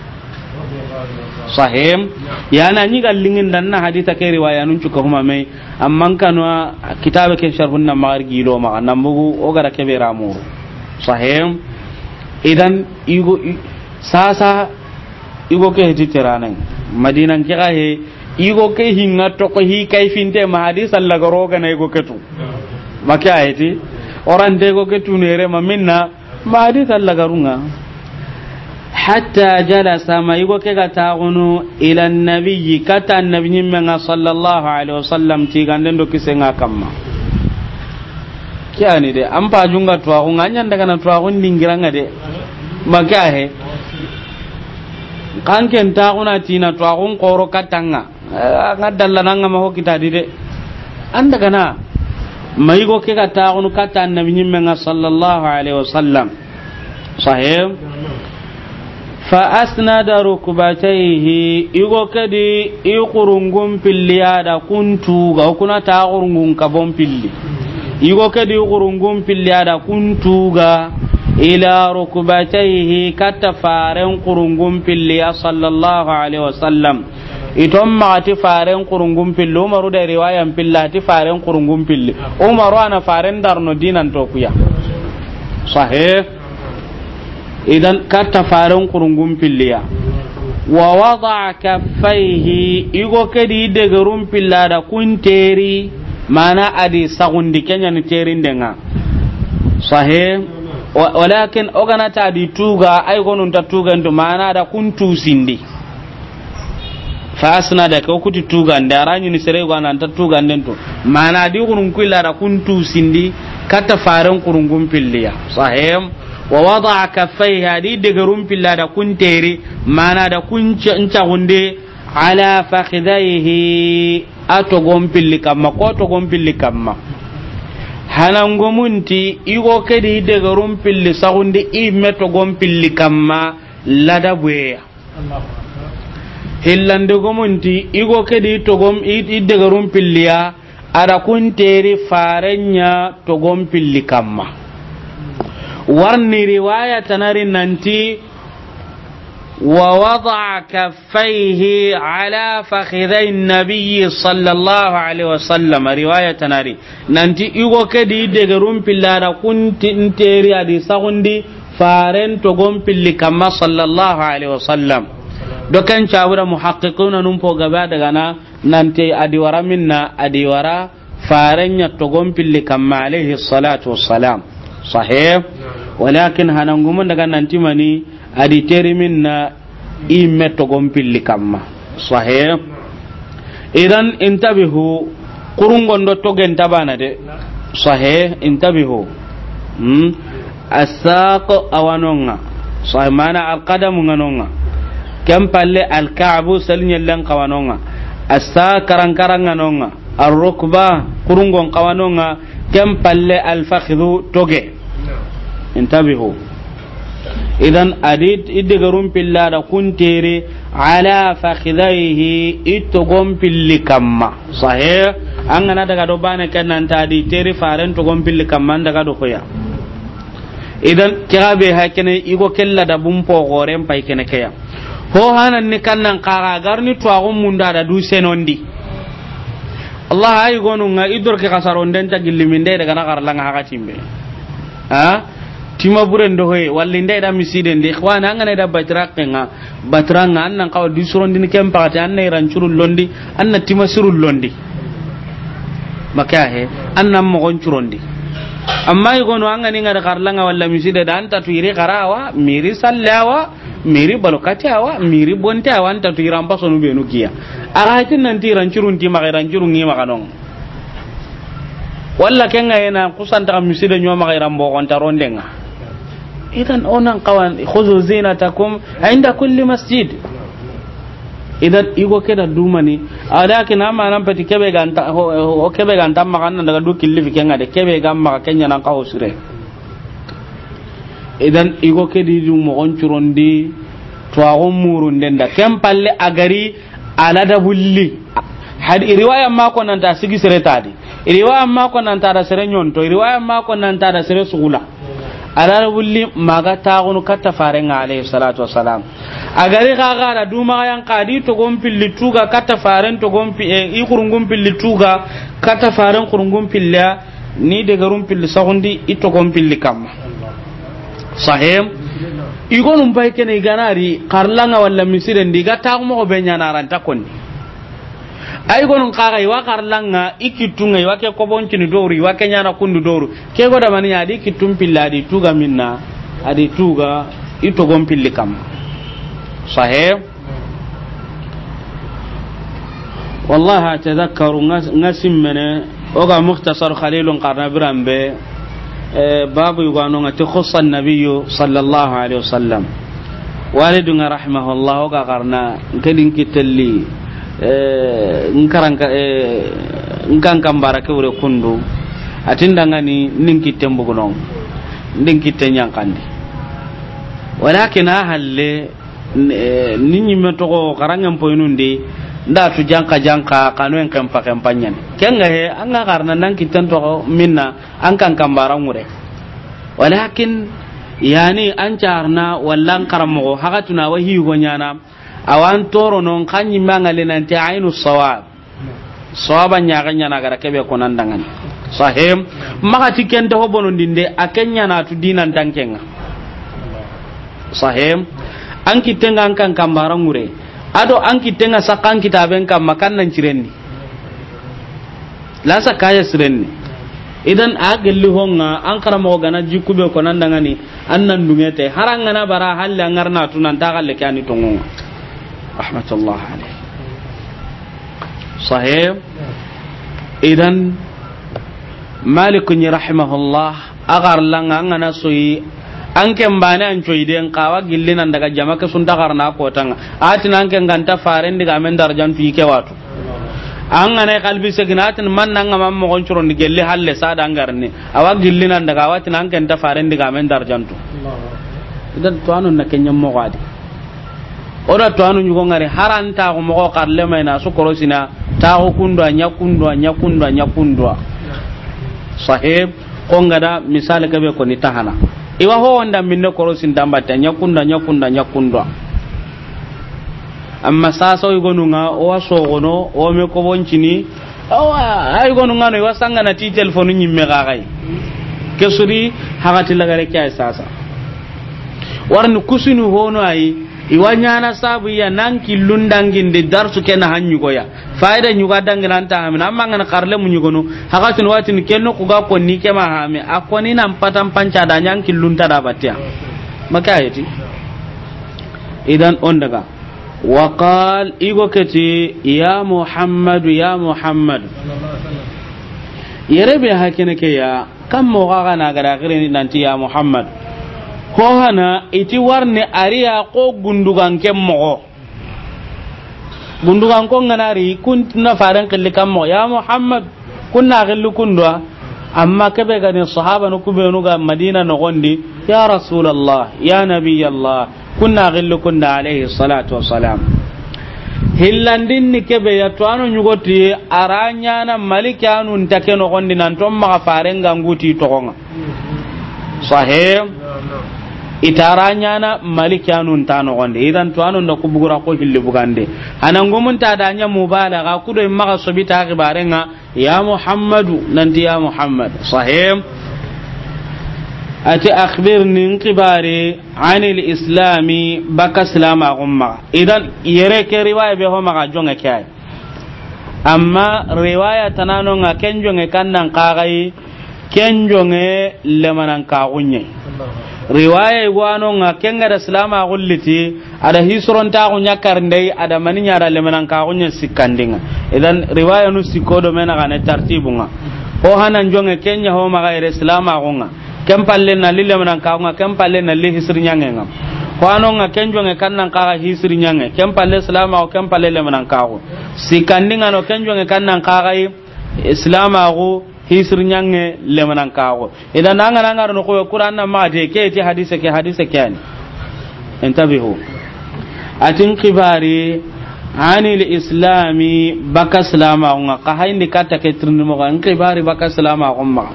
sahim ya na ni gallingin dan na hadita kai riwaya nun cuka kuma mai amman kanwa kitabe ke sharhun nan magar gilo ma nan bugu o gara ke be ramuru sahim idan igo sasa igo ke hiti tiranan madinan ki he igo ke hinga to ko hi kai finte ma hadis Allah garo ga na igo ketu makya hiti orande go ketu ne re ma minna ma hadis Allah حتى جلس ما يقول تاغنو إلى النبي كتا النبي من صلى الله عليه وسلم تيغان لندو كسينا كما كياني دي أمبا جونغا تواغون أنيان دكنا تواغون لنجرانا دي ما كاهي kanken taxuna tina to axun qooro kattanga anga dallananga maxo kitadi de an dagana mayigo ke ga taxunu katta annabi ñimmenga sallallahu alaihi wasallam sahim Fa'as na da rukunbace yi ni iko ke di iƙurungun filiya da kun tu ga hukuna ta ƙurungun ka bong fili iko ke di iƙurungun filiya da ga ila rukunbace yi ni kata faren ƙurungun filiya sallallahu alaihi wa sallam ita magana ti faren ƙurungun fili Umaru da yawa ya ƙunin ta ti faren ƙurungun fili Umaru ana faren d'ar na to ku ya. idan katta faran kurungun filliya wa wada'a kaffaihi igo kedi daga rumfilla da kun teri mana adi di kenya ni terin denga sahe walakin ogana ta di tuga ai gonun ta tuga ndu mana da kun tusindi fa asna da ko kuti tuga da ranyi ni sere go ta tuga nden to mana di gurun kuilla da kun tusindi kata farin kurungun filliya sahe wa wada'a kaffaihi adi degerun pilla da kun teri mana da kun ncagunde ala fakhidaihi a togon pilli kamma ko togon pilli kamma hanangomunti igo kedi degerun pilli sagunde imme togoon pilli kamma lada buyeya hillandegomunti igo kedi togon i degerun pilliya ada kun teri farenya togoon pilli kamma warni riwaya tanari nanti wa wada'a kaffaihi ala fakhidai nabiyyi sallallahu alaihi sallam riwaya tanari nanti igo kedi daga rumpillada kunti interi adi sagundi faren togon pilli kamma sallallahu alaihi wasallam dokan cawura muhaqqiquna num po gaba daga na nanti adiwara minna adiwara farenya togon pilli kamma alaihi salatu wa wassalam sahih walakin hanangumun daga nanti ni adi terimin na imme togon pilli kamma sahih idan intabihu kurungon do togen tabana de sahih intabihu hmm asaq awanonga sahih mana alqadamu nganonga kam palle alka'bu salinya lan qawanonga asa karankaranga nonga arrukba kurungon qawanonga كم قل الفخذ توجه انتبهوا idan adid idigarun pilla da kuntere ala fakhidaihi itogon pilli kamma sahih an gana daga do bana kenan ta di tere faren togon pilli daga do idan kira be hakene igo kella da bum po goren kene kaya ho hanan ni kannan kara garni to agun munda da du senondi allah ay gonu nga idor ke kasaro den ta gillimin de daga na langa nga haka timbe ha tima buren do he walli dai da mi siden de ikhwana nga ne da batrak nga batranga an nan kaw di suron din kem pati an ne ran curul londi an na tima surul londi maka he an nan mo gon curondi amma ay gonu an ne nga da karla nga walla miside da an ta tuire qarawa miri sallawa miri balo katiawa miri bontawa anta tu iran pasonu benu kia aga tin nan iran curun ti maka iran curun ngi maka non walla kenga yana kusanta kam misida nyo maka iran bo konta rondenga idan onan kawan khuzu zinatakum inda kulli masjid idan igo keda dumani ada ke na ma nan pati kebe ganta o kebe ganta maka nan daga du killi fi kenga de kebe gamma kenya nan kawo idan igo di dum mo curondi to murun den da kem palle agari alada bulli had riwaya ma ko nan ta sigi sere tadi riwaya ma ko nan ta da sere to riwaya ma ko nan ta da sere sugula alada bulli maga ta gonu katta faren alayhi salatu wassalam agari gaga da duma yan qadi to gon pilli tuga katta faren to gon eh, i kurungun pilli tuga katta faren kurungun pilla ni de rum pilli sahundi i gon pilli kamma sahim igonum pay kene iganari karlanga walla misiren diga tagumogo be ñanaranta konni ay gonum kaga iwa karlanga ikitunga kittunga iwa ke ni dowru iwa ke ñana kundu dowru ke mani adi di pilla adi tuga minna adi tuga i togon pilli kamma sahim wallahi tadhakkaru nga simmene oga muhtasar khalilun karna be Eh, babu yugano nga ti khussa nabiyyu sallallahu alaihi wasallam walidu nga rahimahullah ga karna nkedin kitelli eh, nkaranka eh, nkan kambara ke wure kundu atindanga ni ninkitte mbugunon ninkitte nyankandi walakin a halle ni ñimme togo nda tu janka janka kanu en kan pakem panyen ken ga he an ga karna nan kitan to minna an kan kambaran mure walakin yani an charna wallan karamo haga tuna wahi gonyana awan toro non kanyi mangale nan ta ainu sawab sawaba nya ganya na gara kebe konan dangan sahim maka tiken to hobono dinde akenya na tu dinan tankenga sahim an kitenga an kan kambaran mure ado an kitenga sakkan kitaben kam makan nan cirenni idan a gelli honga an kara mo gana jikube ko nan dangani annan dungete haranga na bara halle ngarna tunan ta galle kani rahmatullah idan malik ni rahimahullah agar langa ngana soyi an coy den an coyden nan daga jama ke sun ko kotanga ati an ke nganta faren diga men jan fi ke watu an ngane kalbi segnatin man nan ngam mo mogon curon ni gelle halle sada ngarne awa nan daga wati an ke nganta faren diga men jan tu idan to anun na kenyam mo gadi oda to anun yugo ngare haranta ko mo karle mai na su korosina ta ko kundwa nyakundwa nyakundwa nyakundwa sahib ko ngada ke be ko ni tahana iwa ho wanda minne korosin dambata nyakunda nyakunda nyakunda amma sasa o me ko awa ay no iwa sanga na ti telefonu kesuri hagati sasa warni kusinu hono iwanyana sabu ya nan killun dangin de su kena hanyu goya faida ga dangin anta amin amma ngana karle munyu gono haka tun ni kenno ga ko ni kema hame akoni nan patan panca da nyan killun ta da batia maka yati idan on daga wa qal igo kete ya muhammadu ya muhammadu yere be hakene ke ya kam mo ga na gara gare ni ti ya muhammadu Kohana hana iti warne ariya ko gundugan ke mo gundugan ko nganari kun na faran kille kam mo ya muhammad kun na qilli kun do amma kebe be gani sahaba no kube no ga madina no gondi ya rasulullah ya nabiyallah kun na qilli kun da alaihi salatu wassalam hillandin ni kebe ya to anu nyugoti aranya na maliki anu ntake no gondi nan to ma faran ganguti to gonga sahih itara nyana malik yanun ta no gonde idan to anun da kubugura ko hilli bugande anan gumun ta da nya mubalaga kudo imma ga sobi ta gibarenga ya muhammadu nan ya muhammad sahim ati akhbirni qibare anil islami baka silama gumma idan yere ke riwaya be ho maga jonga kai amma riwaya tanano nga kenjo nge kannan kagai kenjonge lemanan kaxunye riwaya nga kenga da salama gulliti ada hisron ta gunya karndai ada maninya da lemanan kaxunye sikandinga idan riwaya nu sikodo mena ga ne tartibunga ho hanan jonge kenya ho maga ire salama gunga kempalle na lille manan ka kem kempalle na li hisrinyangenga nga kenjonge kannan ka kaxa hisrinyange kem palle silama ko kem palle ka kaxu sikandinga no kenjonge kannan kaxai islama ko hisir nyange lemanan kawo idan nanga nanga no ko qur'an na ma de ke ti hadise ke hadise ke an intabihu atin kibari ani islami baka salama on ka hayni kata ke trinu mo an kibari baka salama on ma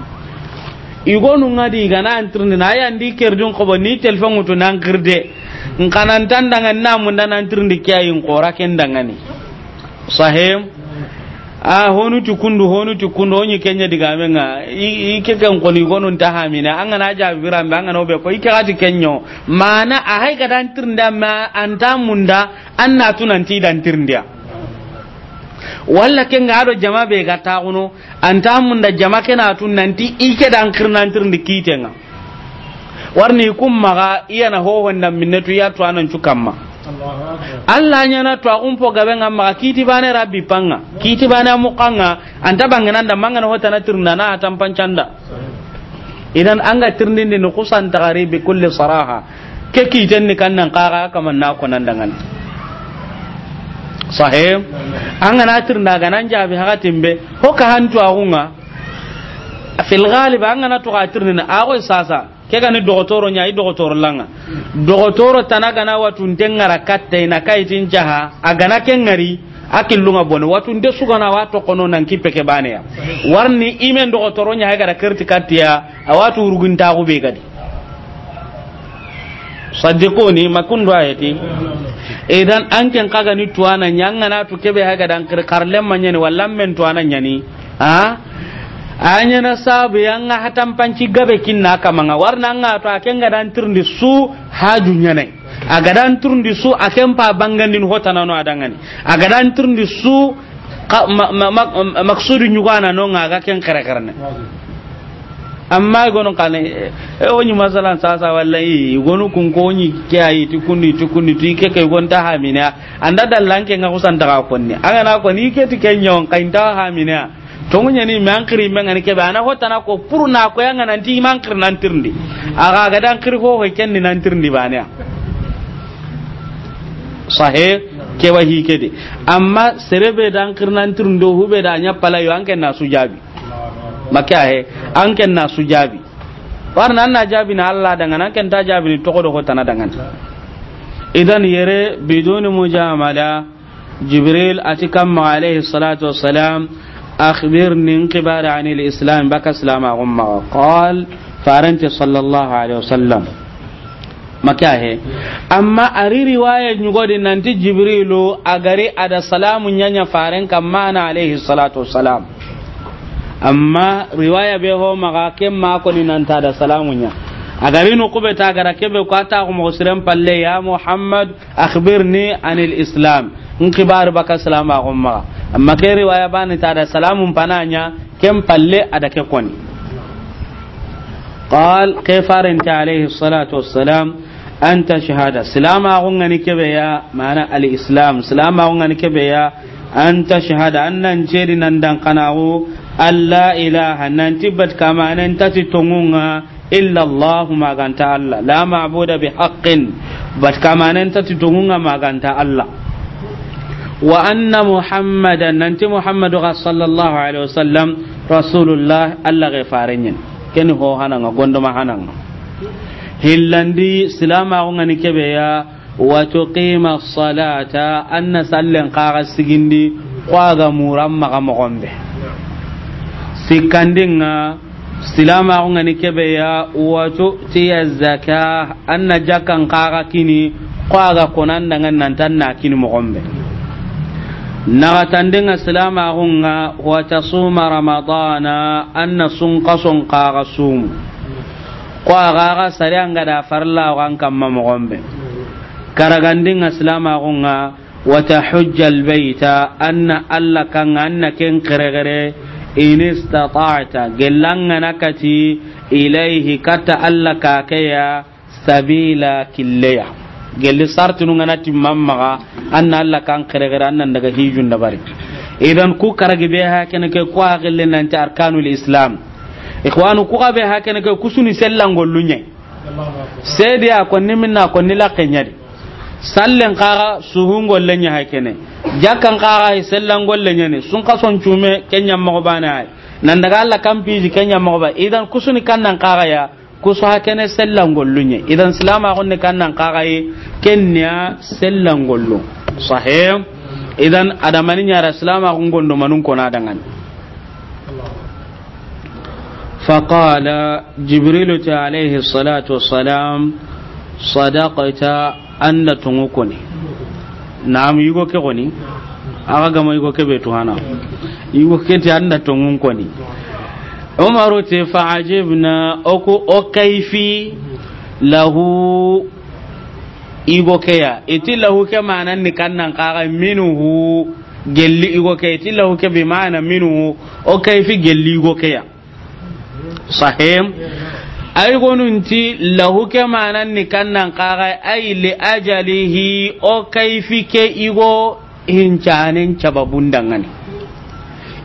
igonu ngadi gana antirni na ya ndi kerdun ko ni telefon to nan girde nkanan tandangan namun nan antirni kiyayin qora ni sahim a honu tukundu honu tukundu onyi kenya diga menga ike kan koni gonun ta hamina an gana ja bira an gana obe ko ike gati kenyo mana a hai ga dan tirnda ma anta munda an na tunan ti dan tirnda walla ken ga ado jama be ga ta uno anta munda jama kena tun nan ti ike dan kirnan tirndi kitenga warni kumma ga iya na ho wanda minnetu ya cukan ma. Allah nyana to umpo gabe ma kiti bane rabbi panga kiti bane mukanga anta bangenan da mangana hota na tirna na atan pancanda idan an ga tirnin ni kusan tagari bi kulli saraha ke kiten ni kannan kaga kaman na ko nan dangan sahib an ga na tirna ga nan jabi haka timbe ho ka hantu agunga fil ghalib an ga na to ga tirnin ago sasa ke gani dogotoro nya i dogotoro langa dogotoro tanaga na watun dengara katta ina kai tin jaha agana ken ngari akillunga bone watu de sugana wa to kono nan kippe ke bane ya warni imen dogotoro nya gara kerti kattiya awatu urugunta go be gadi saddiquni makundu ayati idan an ken kaga ni tuana nyanga na to kebe haga dan karlem manyani wallan men tuana nyani ha anya na sabu nga hatan panci gabe kin na kama nga to aken gadan turndi su haju nyane aga dan turndi su aken pa bangandin hotana no adangani aga dan turndi su maksudu nyugana no nga ga ken kare karne amma gonon kane e eh, woni eh, masalan sasa wallahi gonu kun ko ni kiyayi tukuni tukuni tu ke kai gonta hamina anda dalanke nga kusan daga konni aga na konni ke tikenyon kainta hamina tongunya ni mankiri mengani kebe ana hota na ko pur na ko yanga nan ti mankir nan tirndi aga ga dan kir ho ho ken ni nan tirndi bane sahe ke wahi kede amma serebe dan kir nan tirndo hube da nya pala yo anken na sujabi makya he anken na sujabi warna an na jabi na Allah daga nan ken ta jabi ni toko do hota na daga idan yere biduni mujamala jibril ati kam alayhi salatu wassalam أخبرني انقبار عن الإسلام بك إسلام أغمى قال فارنت صلى الله عليه وسلم makahe amma ari riwaya nyugodi nanti jibrilu a agari ada salamu nyanya faren kamana alaihi salatu salam. amma riwaya bai ho maka kemma mako ni nanta da salamu a agari no kube ta gara kebe ko kuma ko mo siren palle ya muhammad akhbirni anil islam nkibaru baka salamu a gumma amma kai riwaya bani ta da salamun pananya kem palle ada ke koni qal kai farin ta alaihi salatu wassalam anta shahada salama gunga ni kebe ya mana al islam salama gunga ni kebe ya anta shahada annan jeri nan dan kanawo alla ilaha nan tibbat kama nan tati tungunga illa allah maganta allah la ma'budu bi haqqin bat kama nan tati tungunga maganta allah wa anna muhammadan nanti muhammadu ga sallallahu alaihi wasallam rasulullah allah ga farenyen ken ho hananga gondo ma hananga hillandi silama ko ngani kebe ya wa tuqima salata anna sallen qaga sigindi qaga muram ma ga mogombe sikandinga silama ko ngani kebe ya wa tu'tiya zakah anna jakan qaga kini ga konan dangan nan tan na kini mogombe nagatan dinga silama wata suma ramadana anna sun kason kaga sum ko a kaga sari an gada farla kan kama mugombe karagan dinga silama kunga wata hujja albaita anna alla kan anna ken kiregere in istata'ta gellanga nakati ilaihi kata alla kakeya sabila killeya gelli sarti nu ngana mamma ga anna alla kan kere gere annan daga hijun da bari idan ku karage be ha ken ke ko agille nan ta arkanul islam ikhwanu ku ga be ha ken ke kusuni sellan gollunye sedi a konni minna konni la kenyadi sallen qara suhun gollenya ha kene jakkan qara sellan gollenya ne sun ka son cume kenya mo bana nan daga alla kan piji kenya mo ba idan kusuni kannan qara ya kusu hakene sellan gollunye idan silama kunni kannan kakaye kenya sellan gollu sahih idan adamani nyara silama kun gondo manun kona dangan faqala Jibril ta alaihi salatu wassalam sadaqata anna tungukuni naam yugo ke koni aga gama yugo ke betu hana yugo ke ti anna tungukuni umaru te fa'ajibna oku o kaifi lahu igo iti lahu ke manan ni kannan kaga minuhu gelli igo iti lahu ke bi mana minuhu o kaifi gelli igo keya sahim lahu ke manan ni kannan kaga ay li ajalihi o kaifi ke igo hincanen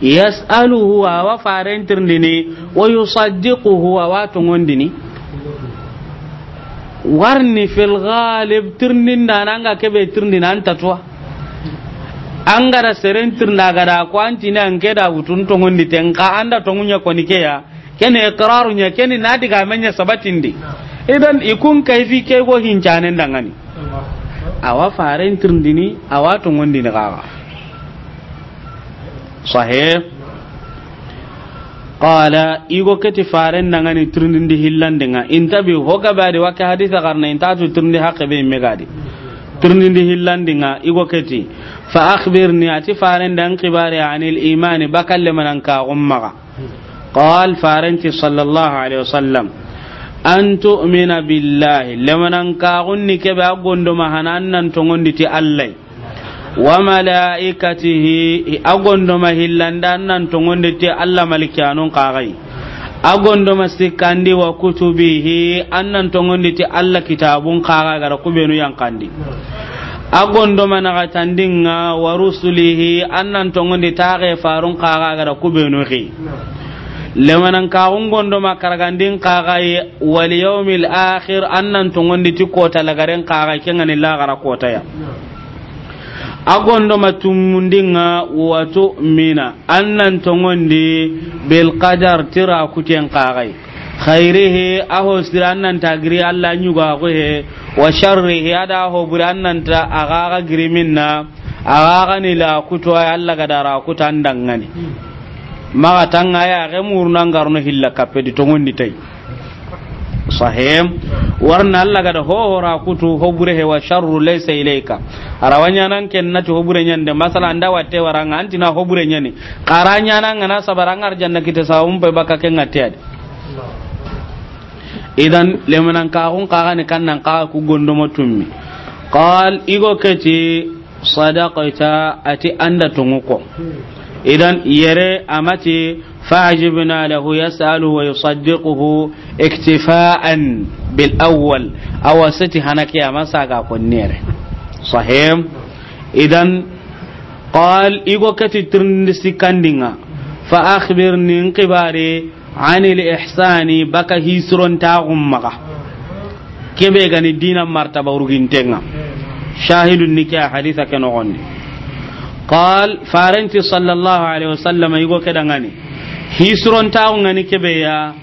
yas'aluhu wa wa dini wa yusaddiquhu wa wa tongondini warni fil ghalib tirndinda nanga kebe tirndina antatuwa an gara serentirnda gada ko antini anke da wutun tongondi tenka anda tongunya ya kene iqrarunya kene nadiga menya sabatindi idan ikun kaifi ke go hincanen dangani awa dini awa tongondini gawa sahih qala igo keti faren nangani tirndindi hillandenga intabi hoga badi wakka hadisa garna intatu tirndi haqqe be megadi tirndindi hillandinga igo keti fa akhbirni ati faren imani bakalle an tu'mina billahi lamanan ka gunni kebe agondoma allah wa malaikatihi agondo mahillanda nan to ngonde te Allah malikanun qagai agondo masikandi wa kutubihi annan to ngonde te Allah kitabun qaga gara kubenu yang kandi agondo managa tandinga wa rusulihi annan to ngonde taage farun qaga gara kubenu khi lemanan kaxun gondo ma karagandin kaxaye walyawmil akhir annan to ngondi ti kota lagaren kaxa kengani lagara kota. yeah. agondo matummundinga wa mina annan tongondi bil qadar tira kuten qagai khairihi aho sira annan ta alla nyuga ko he wa sharrihi ada ho buri ta agaga giri minna agaga ni la kuto alla gadara kutandangani ma tanga ya gemurna ngarno hilla kappe di tongondi tai sahim warna allah gada hohora kutu hobure hewa sharru laysa ilayka arawanya nan ken nati hobure nyande masala anda wate waranga antina hobure nyani qaranya nan ngana sabaranga arjanna kita sawum pe baka ken ngatiade idan lemanan ka gane kan nan ka ku gondomo tummi qal igo keti sadaqata ati anda tungu ko idan yere amati فعجبنا له يسأل ويصدقه اكتفاء بالأول أو ستي هناك يا مساقا قنير صحيح إذن قال إيقو كتترندسي كاندينا فأخبرني انقباري عن الإحسان بك هيسرون تاغم مغا يغني غني دينا مرتبة ورغنتنا شاهد النكاح حديثك نغني قال فارنتي صلى الله عليه وسلم يقول كده غني hisiron ta ngani kebeya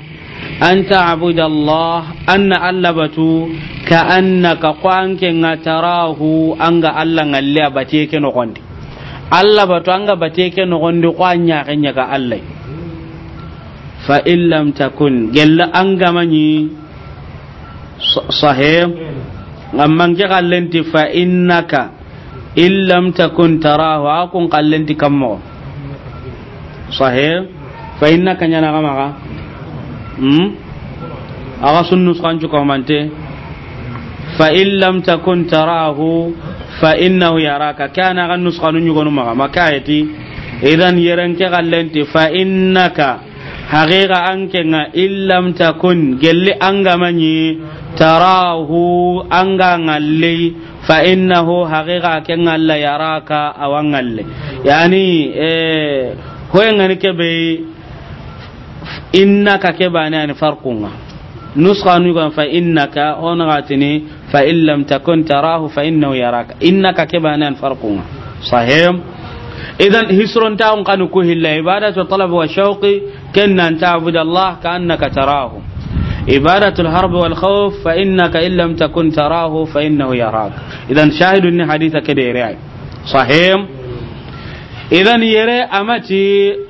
an ta'budu Allah anna Allah batu ka ka kwanke ngatarahu anga Allah ngalle abati ke no gondi Allah batu anga bati ke no gondi kwanya kenya ka Allah fa illam takun gella anga manyi sahih amman ke kallenti fa innaka illam takun tarahu akun kallenti kammo sahih fa inna kanya na gama ga hmm aga sunnu kan ju komante fa in lam takun tarahu fa innahu yaraka kana nus kanu nyugo no maga makayati idan yeren ke gallenti fa innaka haqiqa anke nga illam takun gelli angamanyi tarahu anga ngalle fa innahu haqiqa ke ngalla yaraka awangalle yani eh hoyangani kebe innaka ke bani ani farqunga nusxa nu gan fa innaka onaxatini fa in lam takun tarahu fa innahu yaraka innaka ke bani ani farqunga Sahim. idan hisrontaun kanu ku hilla ibadatu talab wa shauqi kenna an ta'budu allah ka annaka tarahu ibadatu alharb wal khawf fa innaka in lam takun tarahu fa innahu yaraka idan shahidun ni haditha kedere ay Sahim. idan yere amati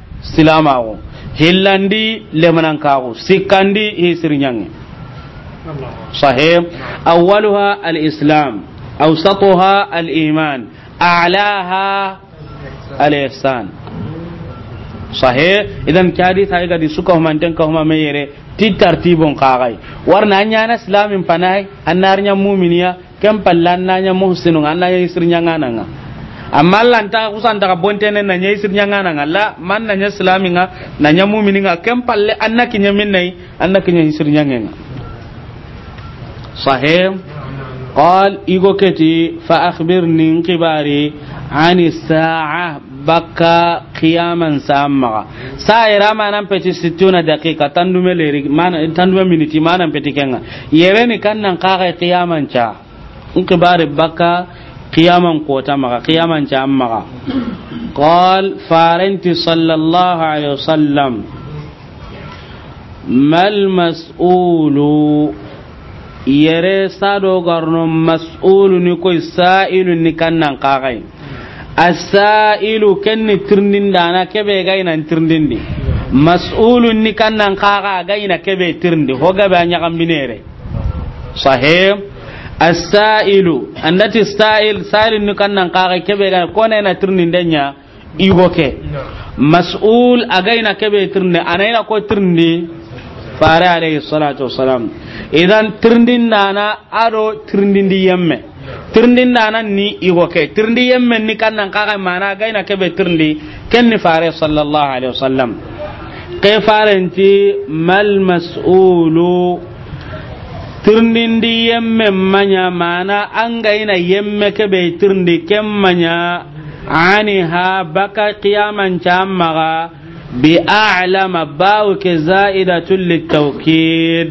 silamaxu hillandi lemanankaxu sikkandi hisirñange sahih awaluha alislam awsatuha aliman alaha alihsan sahih idan kadi ta ga di suka huma den ka huma meyere ti tartibon kagai warna anya na islamin panai annar nya mu'miniya kan pallan na nya muhsinun anna ya isirnya ngananga amma Allah ta kusan daga bontene na nyai sirnya ngana ngala man na nyai islami nga na nyai mu'mini nga kem palle annaki nyai minnai annaki nyai sirnya ngena sahih قال إيغو كتي فأخبرني انقباري عن الساعة بكى قياما سامغا سائر ما نم بتي 60 دقيقة تندم ليري ما تندم منتي ما نم بتي كنا kannan qaga qiyaman cha baka Qiyyamoon kootaa maqaa qiyyamoon jaam maqaa qol faaranti sallallahu alaihi wa sallam mal mas'uuluu yeroo saa d'oowwarnu mas'uuluu ni koi saa'iluu ni kan nankaayaa asaa'iluu kennuu tiri nindaana kibbee kibbee gaynaan tiri nindi. mas'uuluu ni kan nankaayaa agayna kibbee tiri nindi. as-sa'ilu annati sa'il salin ni kannan kaga kebe ga ko ne na tirnin denya igo ke mas'ul againa kebe tirne anaina ko tirni fare alayhi salatu wassalam idan tirndin nana ado tirndin di yemme tirndin nana ni igo ke tirndi yemme ni kannan kaga mana againa kebe tirndi kenni fare sallallahu alaihi sallam ke farenti mal mas'ulu tirndindi yemme manya mana an gaina yemme be tirndi kem manya ani ha baka qiyaman cammaga bi a'lama bawu ke za'idatun littawkid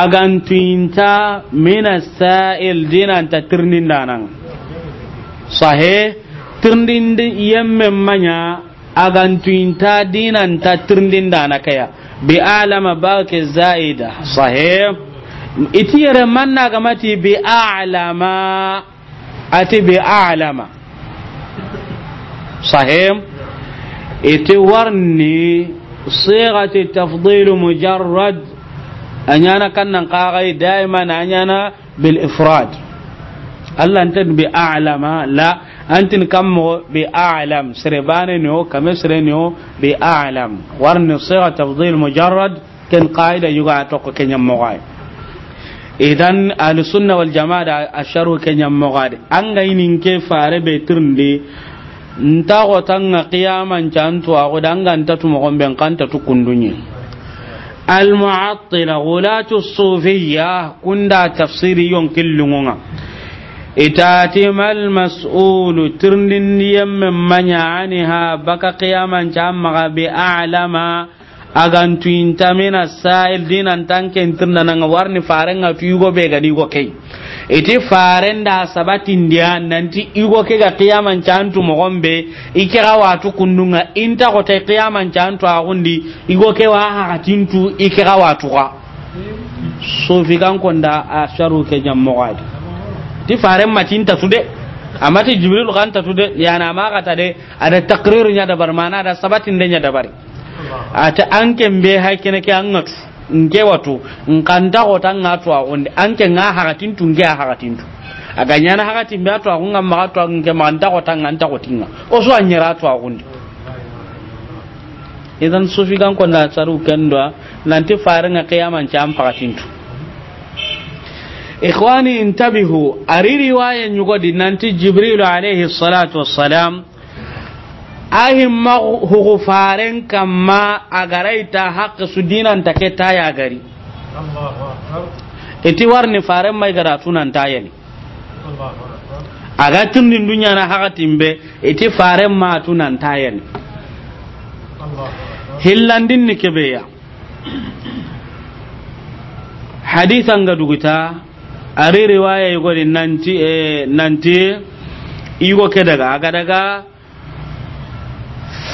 agantuyinta mina sa'il dinanta tirndindanan sahe tirndindi yemme manya agantuyinta dinanta tirndindana kaya bi a'lama bawu ke za'ida sahe itiyere manna gamati bi a'lama ati bi a'lama sahim iti warni sigati tafdilu mujarrad anyana kannan qaqai daiman anyana bil ifrad Allah anta bi a'lama la antin kammo bi a'lam sirbane no kame sirne no bi a'lam warni sigati tafdilu mujarrad kan qaida yuga to ko kenyam idan ahlusunna wal jama'a da asharu kenya mogade an ga inin ke fare bee Tirndi. nta tanga qiyaman cantu a ko danga nta tu kanta tu kundunye al mu'attila gulatu sufiyya kunda tafsiri yon killunga itati mal mas'ulu tirndin yemme manya anha baka qiyaman can maga bi a'lama agan tuinta mena sa'il dinan tanke intirna nan warni faren ga fiugo be ga digo kai ite faren da sabati ndia nanti igo ke ga qiyaman chantu mogombe ikira watu kundunga inta ko te qiyaman chantu agundi igo ke wa ha tintu ikira watu ga so fi kan konda asharu ke jam mogadi ti faren ma tinta sude amma ti jibril kan ta sude yana ma ga ta de ada takriru nya da barmana ada sabati ndenya da bari ata anke mbe haikene ke angaks nge watu nkanta ko tanga to agonde anke nga haratin tu nge haratin tu nyana haratin be a agunga ma to nge manta ko tanga anta ko tinga o so anyira to agonde idan sufi gan ko na saru kendo nanti faringa qiyaman cam haratin tu ikhwani intabihu ari riwaya nyugodi nanti jibril alayhi salatu wassalam ahimma hugu faren kamma a garaita haƙƙi su dinan take ta ya gari iti warni faren mai gara tunan ta yani aga tundin dunya na hakatin timbe iti faren ma tunan ta yani hillandin ni ke ya hadisan ga duguta a riwaya yi gwani nanti eh, igo ke daga aga daga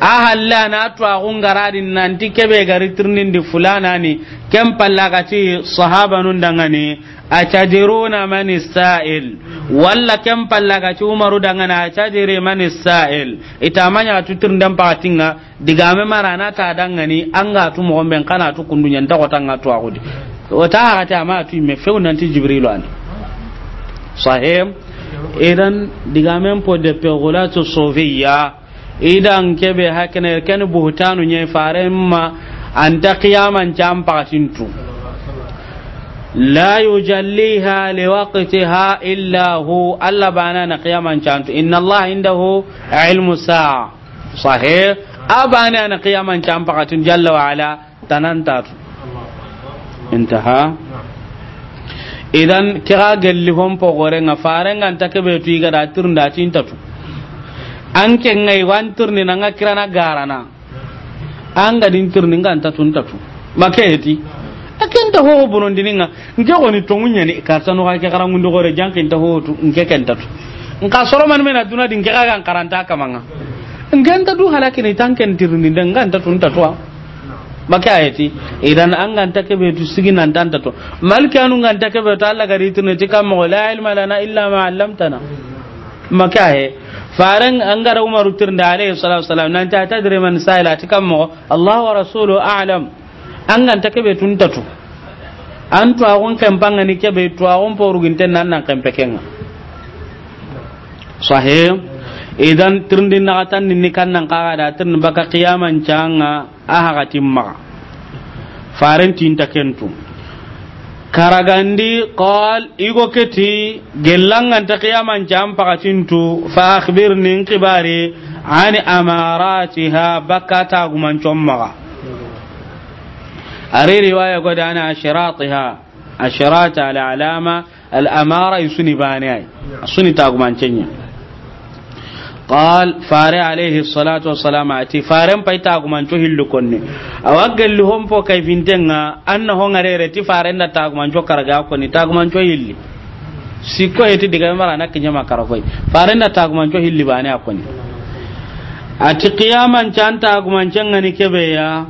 a halla na twagun garadin nan ti kebe gari tirnin di fulana ni ken palla ka sahaba nun dangane a cadiruna man sa'il walla ken palla ka umaru dangane a cajire man sa'il ita manya tutur tirin dan patinga diga me marana ta dangane an ga tu mo ben kana tu kundunya nda ko tanga tu agudi o ta ta ma tu me nan ti jibrilu an sahim idan diga men po de pegolatu soviya idan kebe hakene ken buhtanu nye faremma anta qiyaman cam pagatintu la yujalliha liwaqtiha illa hu alla bana na qiyaman cantu inna allaha indahu ilmu sa'a sahih abana na qiyaman cam pagatun jalla wa ala tanantatu intaha idan kira galli hon pogore nga farenga ntake betu igada tirnda tintatu an ke ngai wantir ni nanga kirana na. an ga din tirni ngan ta tun tatu maketi akan ta ho bonon dininga nge woni to munya ni ka sanu ka kara karangu gore jankin ta ho tu nge ken tatu nka soro man mena duna din ga kan karanta manga nge ta du ni tanken tirni ngan ta tun tatu maka ayati idan an ganta ke be tu sigi nan tanta to mal kanu ganta ke be ta Allah gari tun ne tika la ilma lana illa ma allamtana maka he faran gara umaru tirnda alayhi salatu wasalam nan ta tadri man sa'ila tikam mo allah wa rasulu a'lam an angan takebe tuntatu an to agon kempanga ni be to agon porugin ten nan nan kempekenga sahih idan tirndi na tan ni kan nan ka da tirndi baka qiyaman changa aha katimma faran tinta kentum karagandi qal igo keti gellangan ta qiyaman jam pakatintu fa ani qibari an amaratiha bakata guman chommaga ari riwaya goda ana asharatiha asharata al alama al amara yusuni bani قال فارع عليه الصلاة والسلام أتي فارن بيتا أكمان تهل لكني أوقل لهم فو كيفين تنغا أنهم غريرتي فارن تا أكمان جو كرغا كوني تا أكمان تهل sikko eti diga mara na kinyama kara koy faran da ta gumanco hilli bane akoni ati qiyaman can ta gumancan ngani kebe ya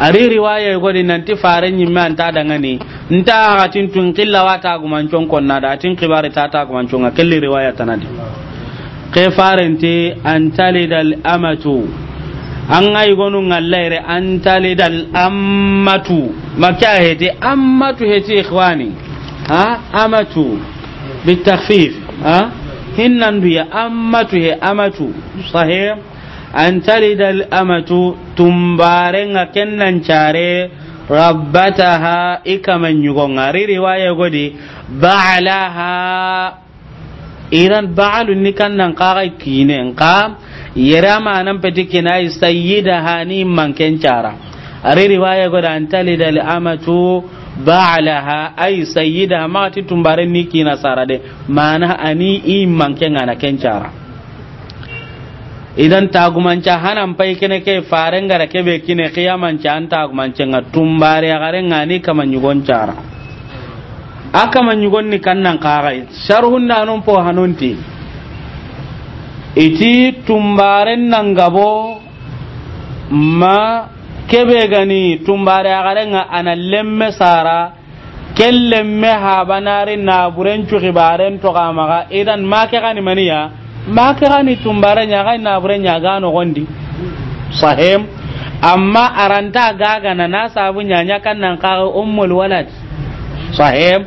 ari riwaya go din nanti faran yimme an ta daga nta hatin tun killa wa ta gumancon konna da tin kibare ta ta gumancon kelle riwaya tanadi kefarenti antalidal amatu an ga igonu ngallaire antalidal ammatu maka hete ammatu hete ikhwani amatu bitakfif ha hinnan duya ammatu he amatu sahih antalidal amatu tumbare nga kennan care rabbataha ikaman yugonga riri waye godi ba'laha idan ba'alu ni kan nan qara kine nka yera ma nan peti kina sayyida hani man ken cara ari riwaya go dan tali dal amatu ba'alaha ay sayyida ma ti tumbare ni kina sarade mana ani i man ken ana ken cara idan ca hanan pai kene ke faren gara kebe kine ca an taguman ca tumbare garen ani kaman yugon cara akama kan nan kagai sharhun nanun po ti iti tumbaren nan gabo ma kebe gani tumbare agare nga ana lemme sara kellemme habanari naburen cukibaren togamaga idan ke gani maniya ke gani tumbare nya gano gondi sahem amma aranta gaga na sabu kan nan kaga ummul walad sahem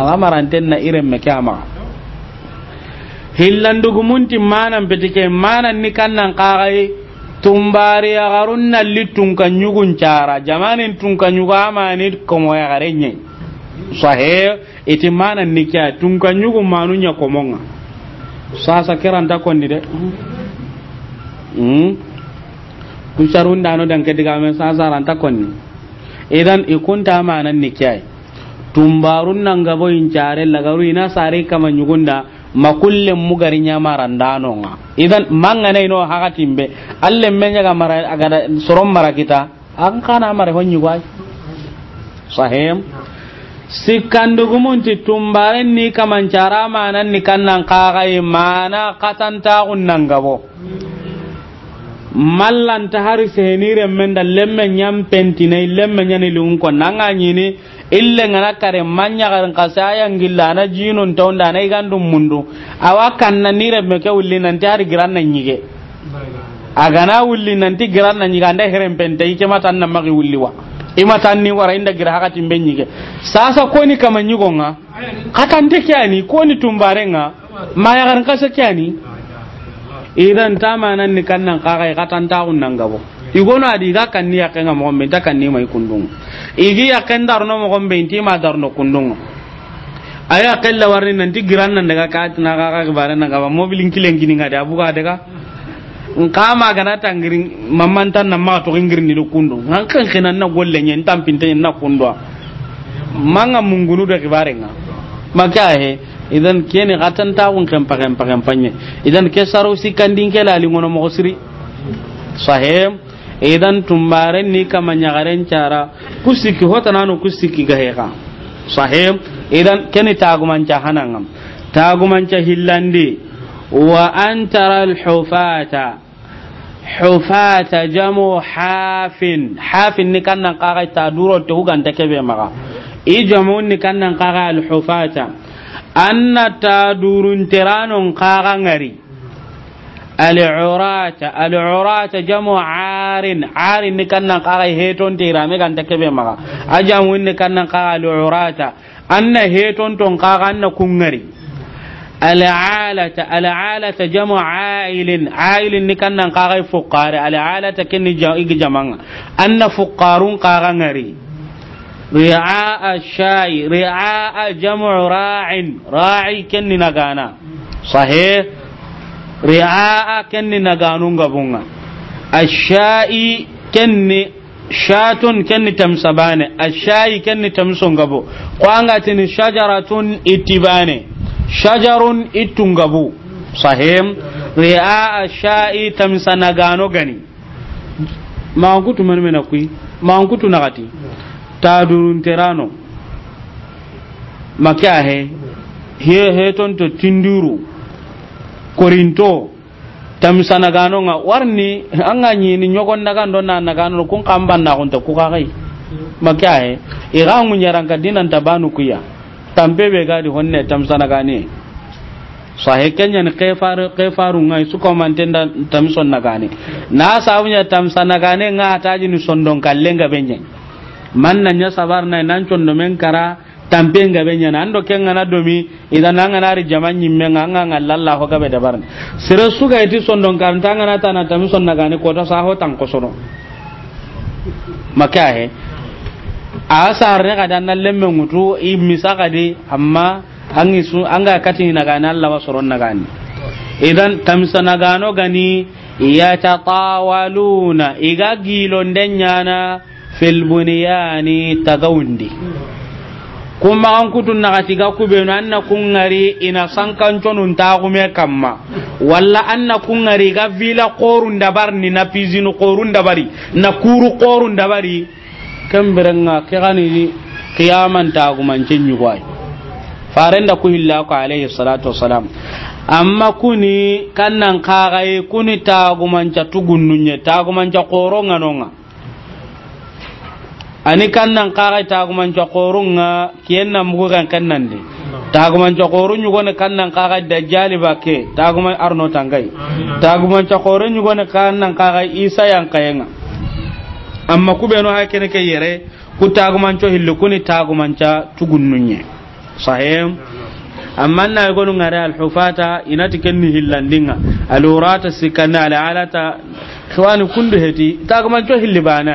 aga maranten na iren me ke amaga hillandugumunti manan petike manan ni kannan kaxaye tumbari yaxarun nalli tunka ɲugun cara jamanin tunka ɲugu amani ya garenye sahe iti manan ni kea tunka ɲugu manu ɲa komonga sasa kiran keranta ni de hmm kusarundano danke digame sasa ran ranta ni idan ikunta manan ni keaye tumbarun nan gabo in care lagaru ina sare kama nyugunda makulle mugari nya marandano nga idan mangane no haka be alle menya ga mara aga soron mara kita an kana mara honni gwai sahem sikkandugumunti tumbaren ni cara manan ni kannan kaxaye mana katantaxun nan gabo mallanta hari sehenire men da lemme ñampentinai lemme ñani ligun konna anga ñini ille ngana kare manya garan kasaya ngilla na jinun tawnda na igandu mundu awa kanna nire me ke wulli nan giran nan yige agana wulli nan ti giran nan yiga nda herem pente yike matan nan magi wulli wa imatan ni wara inda gira hakati mbe nyige sasa koni kama nyigo nga katante kyani koni tumbare nga maya garan kasa kyani idan tamanan ni kannan kaga taun nan gabo igono adi ga kan ni yakenga mo gombe ta kan ni mai kundung igi yaken darno mo gombe inti ma darno kundung aya kella warni nanti giran nan daga ka na ga ga bare na ga mobilin kilen gini ngade abu ga daga nka ma ga na tangirin mamman tan nan ma to ngirin ni kundu ngan kan kenan na golle nyen tan na kundwa manga mungunu da gibare nga maka he idan kene gatan ta kun kan pakan pakan panye idan ke saro sikandin ke lali ngono mo sahem idan tumbaren ni kama nyagaren cara kusiki hota nanu kusiki gaheka sahib idan kene taguman ca hanangam taguman hillandi wa antara alhufata hufata jamu hafin hafin ni kannan kaga ta duro to huganta bee maka i jamoonni ni kannan kaga alhufata anna ta durun ngari al'urata al'urata jamu arin arin ni kannan qara heton tira me kan takebe maga ajam winni kannan qara al'urata anna heton ton qara anna kungari al'alata al'alata jamu ailin ailin ni kannan qara fuqare al'alata kinni igi jamanga anna fuqarun qara ngari ri'a ash-shay ri'a jamu ra'in ra'i ri'a'a kenni naganun gabunga ashai kenni shatun kenni tamsabane ashai kenni tamson gabo kwanga tini shajaratun itibane shajarun itun gabu sahim ri'a'a ashai tamsa nagano gani ma kutu man mena kui ma kutu gati ta durun terano makahe he he tonto tinduru korinto tamisa nagano nga warni anga ni nyogon naga ndo na nagano kun kamban na kunta ku kakai makaye ira munyaran ka dinan tabanu kuya tambe be di honne tamisa nagane sahe kenyan ni kefaru kefaru ngai su ko mantenda tamison nagane na sawunya tamsa nagane nga taji ni sondon kallenga benye man nanya sabar na nan condo men kara tampe nga be nyana ando ken ngana domi idan an na ri jama nyi nyimme nga nga ngalla ho gabe dabar dabarne sere suga iti don kan tanga tangana tana son na gane ko to saho tan ko sono maka he a sar ne ga dan nan lemme ngutu i misaka de amma an isu an ga kati na gane Allah soron na gane idan tamsa na gano gani ya tatawaluna iga gilon den nyana fil bunyani tagawundi kuma an kutun na katiga kubenu an na kungari ina sankanconun tagume kamma walla anna na kungari ga vila korun dabar na pizinu korun dabari na kuuru korun dabari kembirenga keganini kiyaman tagumancin yuwai faren da ku hilla ku alaihi salatu wassalam amma kuni kannan kagaye kuni tagumanca tugunnunye tagumanca koronganonga ani kannan kaxay taagumanco qoorunga kiyenna mugu xen kennandi taagumanco qooru ñugone kannan kaxay dajjali bakke taaguma arno tangay taagumanco qooru ñugone kannan kaxay isa yankayenga amma kubeeno hay kene ke yere ku taagumanco hilli kuni taagumanca tugunnuñe sahem amma na yi gonu ngare alhufata ina tike ni hillandinga alurata sikanna ala alata kwani kundu heti taguman cho hilli bana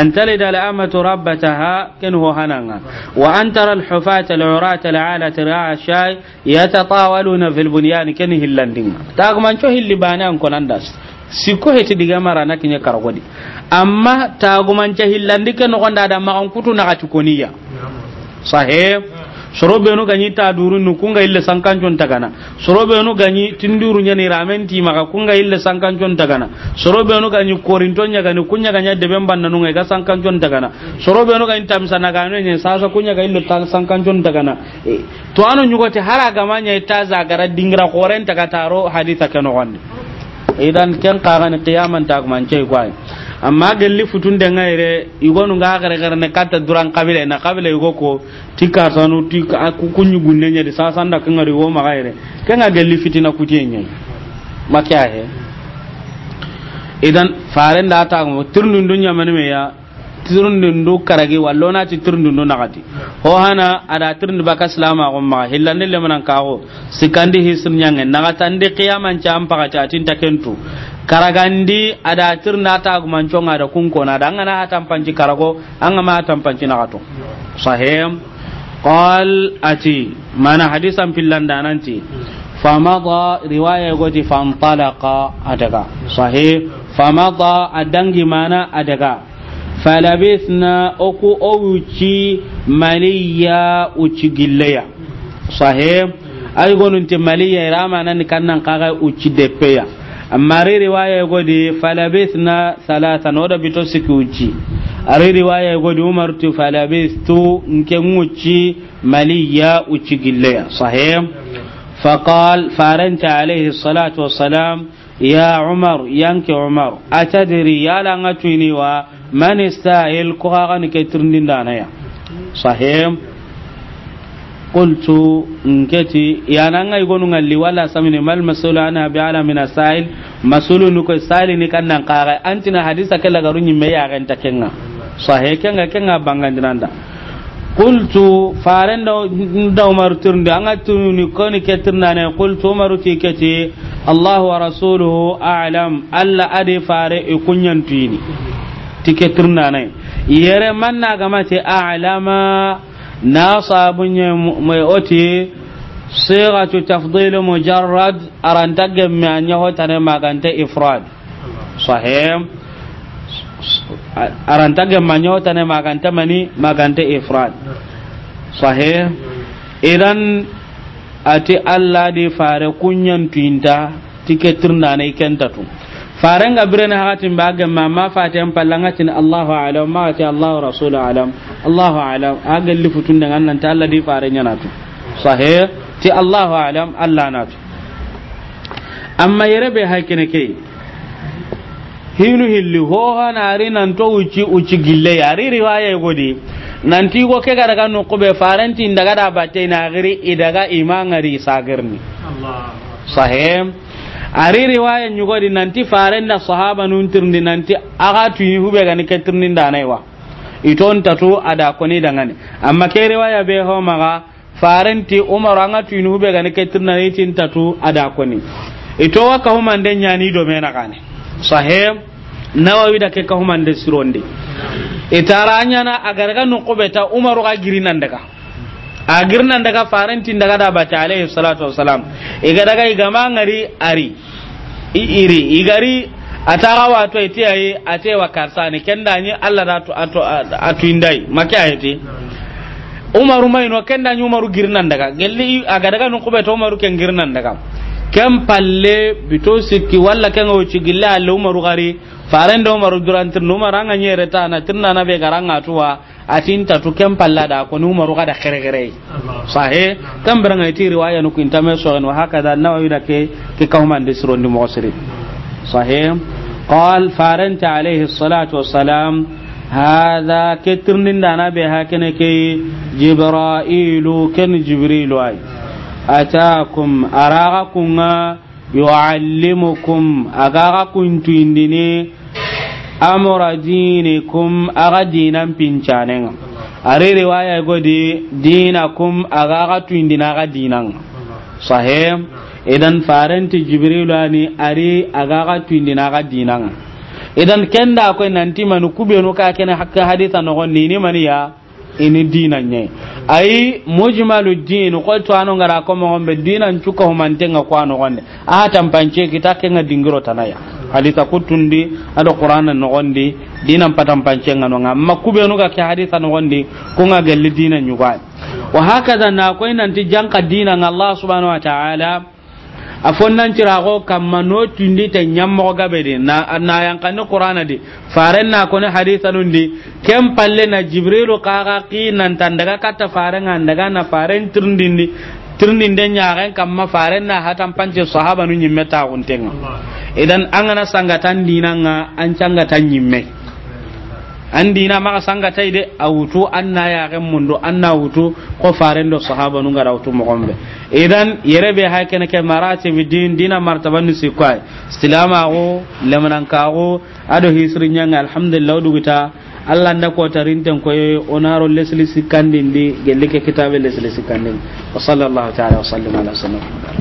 أن تلد الأمة ربتها كنه هننا وأن ترى الحفاة العراة العالة رعى الشاي يتطاولون في البنيان كنه اللندن تاغمان شو اللي بانان كونانداس sikko heti diga mara na kinye kargodi amma taguman jahillandi ke no gonda da ma on kutu na koniya sahib sorobe no ganyi ta durun nu kunga ille jon tagana sorobe no ganyi tinduru nyani ramenti maka kunga ille jon tagana sorobe no ganyi korinton nya gani kunya ganya de ben banna nunga ga jon tagana sorobe no ganyi tam na gano nya sasa kunya ga ille jon tagana e, to anu nyugo te hara gamanya ta zagara dingra koren tagataro haditha kanogonde idan ken kagani qiyaman ce kuwai amma gelli futunde ngayre igonu nga gare gare ne kata duran kabila na kabila igo ko ti tika ti kunyu gunne da kan kengari wo magayre ga gelli fitina kutiye nyai makiya he idan faren da ta mu turnun dunya mani me ya tirndin du karagi wallo na ti tirndin du nagati ho hana ada tirndi baka salama ko ma hillanne le manan kawo sikandi hisr nyangen nagata ndi qiyaman ca am paka ta tin takentu karagandi ada tirna ta guman conga da kunko na da ngana atan panci karago an ma atan panci nagato sahem qal ati mana hadisan fillanda nanti famada riwaya goti fantalaqa adaga sahih famada adangi mana adaga falabisna oku owuci maliya uci gilleya sahe ay nti maliya irama nan kan nan kaga uci depeya amma ri riwaya go di falabisna salatan oda bito siki uci ri riwaya go di godi umartu falabistu nke uci maliya uci gilleya sahe فقال فارنت عليه الصلاة والسلام يا عمر ينك عمر أتدري يا wa man istahil ko ha ni ke tirndin dana ya sahim qultu nketi yana ngai gonu ngalli wala samine mal masulu ana bi ala min asail masulu nu ko sali ni kan nan qara antina hadisa kala garunyi me ya ran takenga sahe kenga kenga bangandinanda qultu faren da da umaru tirndi anga tuni koni ketirnane qultu umaru ti keti allah wa rasuluhu a'lam alla adi fare ikunyantini tike turna nai yere manna gama te a'lama na sabun ya mai oti sigatu tafdil mujarrad aranta gemme anya hota ne maganta ifrad sahih aranta gemme anya hota ne maganta mani maganta ifrad sahih idan ati allah di fare kunyan tuinta tike turna ne kentatu farenga birene hakatin ba gemma ma fatiyan pallangatin allahu alam ma ti allahu rasulu alam allahu alam a galli futun da annan ta allah di farenya natu sahih ti allahu alam allah natu amma yere be hakine ke hinu hilli ho hanari nan to uci uci gille yari riwaya godi nan ti go ke gara kanu kube farenti daga da batte na giri idaga imangari sagirni allah sahih ari riwaya nyugodi nanti faren da sahaba nun tirndi nanti aga tuyi hube gani ke tirnin da naiwa iton tatu ada koni dangane amma ke riwaya be ho maga faren ti umar anga tuyi hube gani ke tirna ni tin tatu ada koni ito wa ka huma den nyani do mena kane sahib nawawi da ke ka huma den sironde itara nyana agarga nu kubeta umar ga girinan daga a girnan daga farantin daga da bata alaihi salatu wassalam iga daga igama ngari ari iri igari ataga wato ne atewa karsani ni allah da to ato atindai makiyati umaru mai no ni umaru girnan daga gelli aga daga nun kube to umaru ken girnan daga ken palle bito sikki walla ken o ci gilla umaru gari da umaru durantir umaru anga nyere ta na tinna na be garanga tuwa atinta tu kem palla da ko numaru kada khere khere sahe kam baranga ti riwaya nu kinta me so wa na wi da ke ke kauman de suro ni sire sahe qal faranta alayhi salatu wassalam hadha ketirnin da na be hakene ke jibrailu ken jibrilu ay atakum aragakum yuallimukum agaga tu indini amra kum aga dinan pincanenga are riwaya godi kum aga aga tuindina aga dinanga sahih idan farenti jibrilu ani ari aga aga tuindina aga dinanga idan kenda ko nanti manu kubenu ka kene hakka haditha no gonni ni ya? ini dina nye ayi mujmalu din ko to anu ngara ko mo be dinan cuko humantenga ko anu gonde a tampance kitake nga dingiro tanaya hadisa kutundi ado qur'ana nogondi dinan patan pancenga no amma no ga ke hadisa nogondi ko nga gelli dinan nyuga wa hakaza na ko nanti janka dinan Allah subhanahu wa ta'ala tira cirago kam mano tundi ta nyammo ga bede na na yang kan qur'ana di faren na ko ne hadisa ndi kem palle na jibrilu kaga ki nan tandaga kata faren daga na faren ndi tirnin den kam ma faren na hatan pance sahaba nu nyimme ta guntenga idan an gana sangatan dinanga an cangatan nyimme an dina ma sangatai de awutu an na yaare mundu an na wutu ko faren do sahaba nu ngara wutu mo gombe idan yere be ha kene ke marati bi din dina martaban ni sikwai silama go lemnan ka go ado hisri nyanga alhamdulillah du gita allah nda kotarinten koye onaro lesli sikkandindi gelle ke kitabe lesli sikkandindi wa sallallahu taala wa sallama ala sallam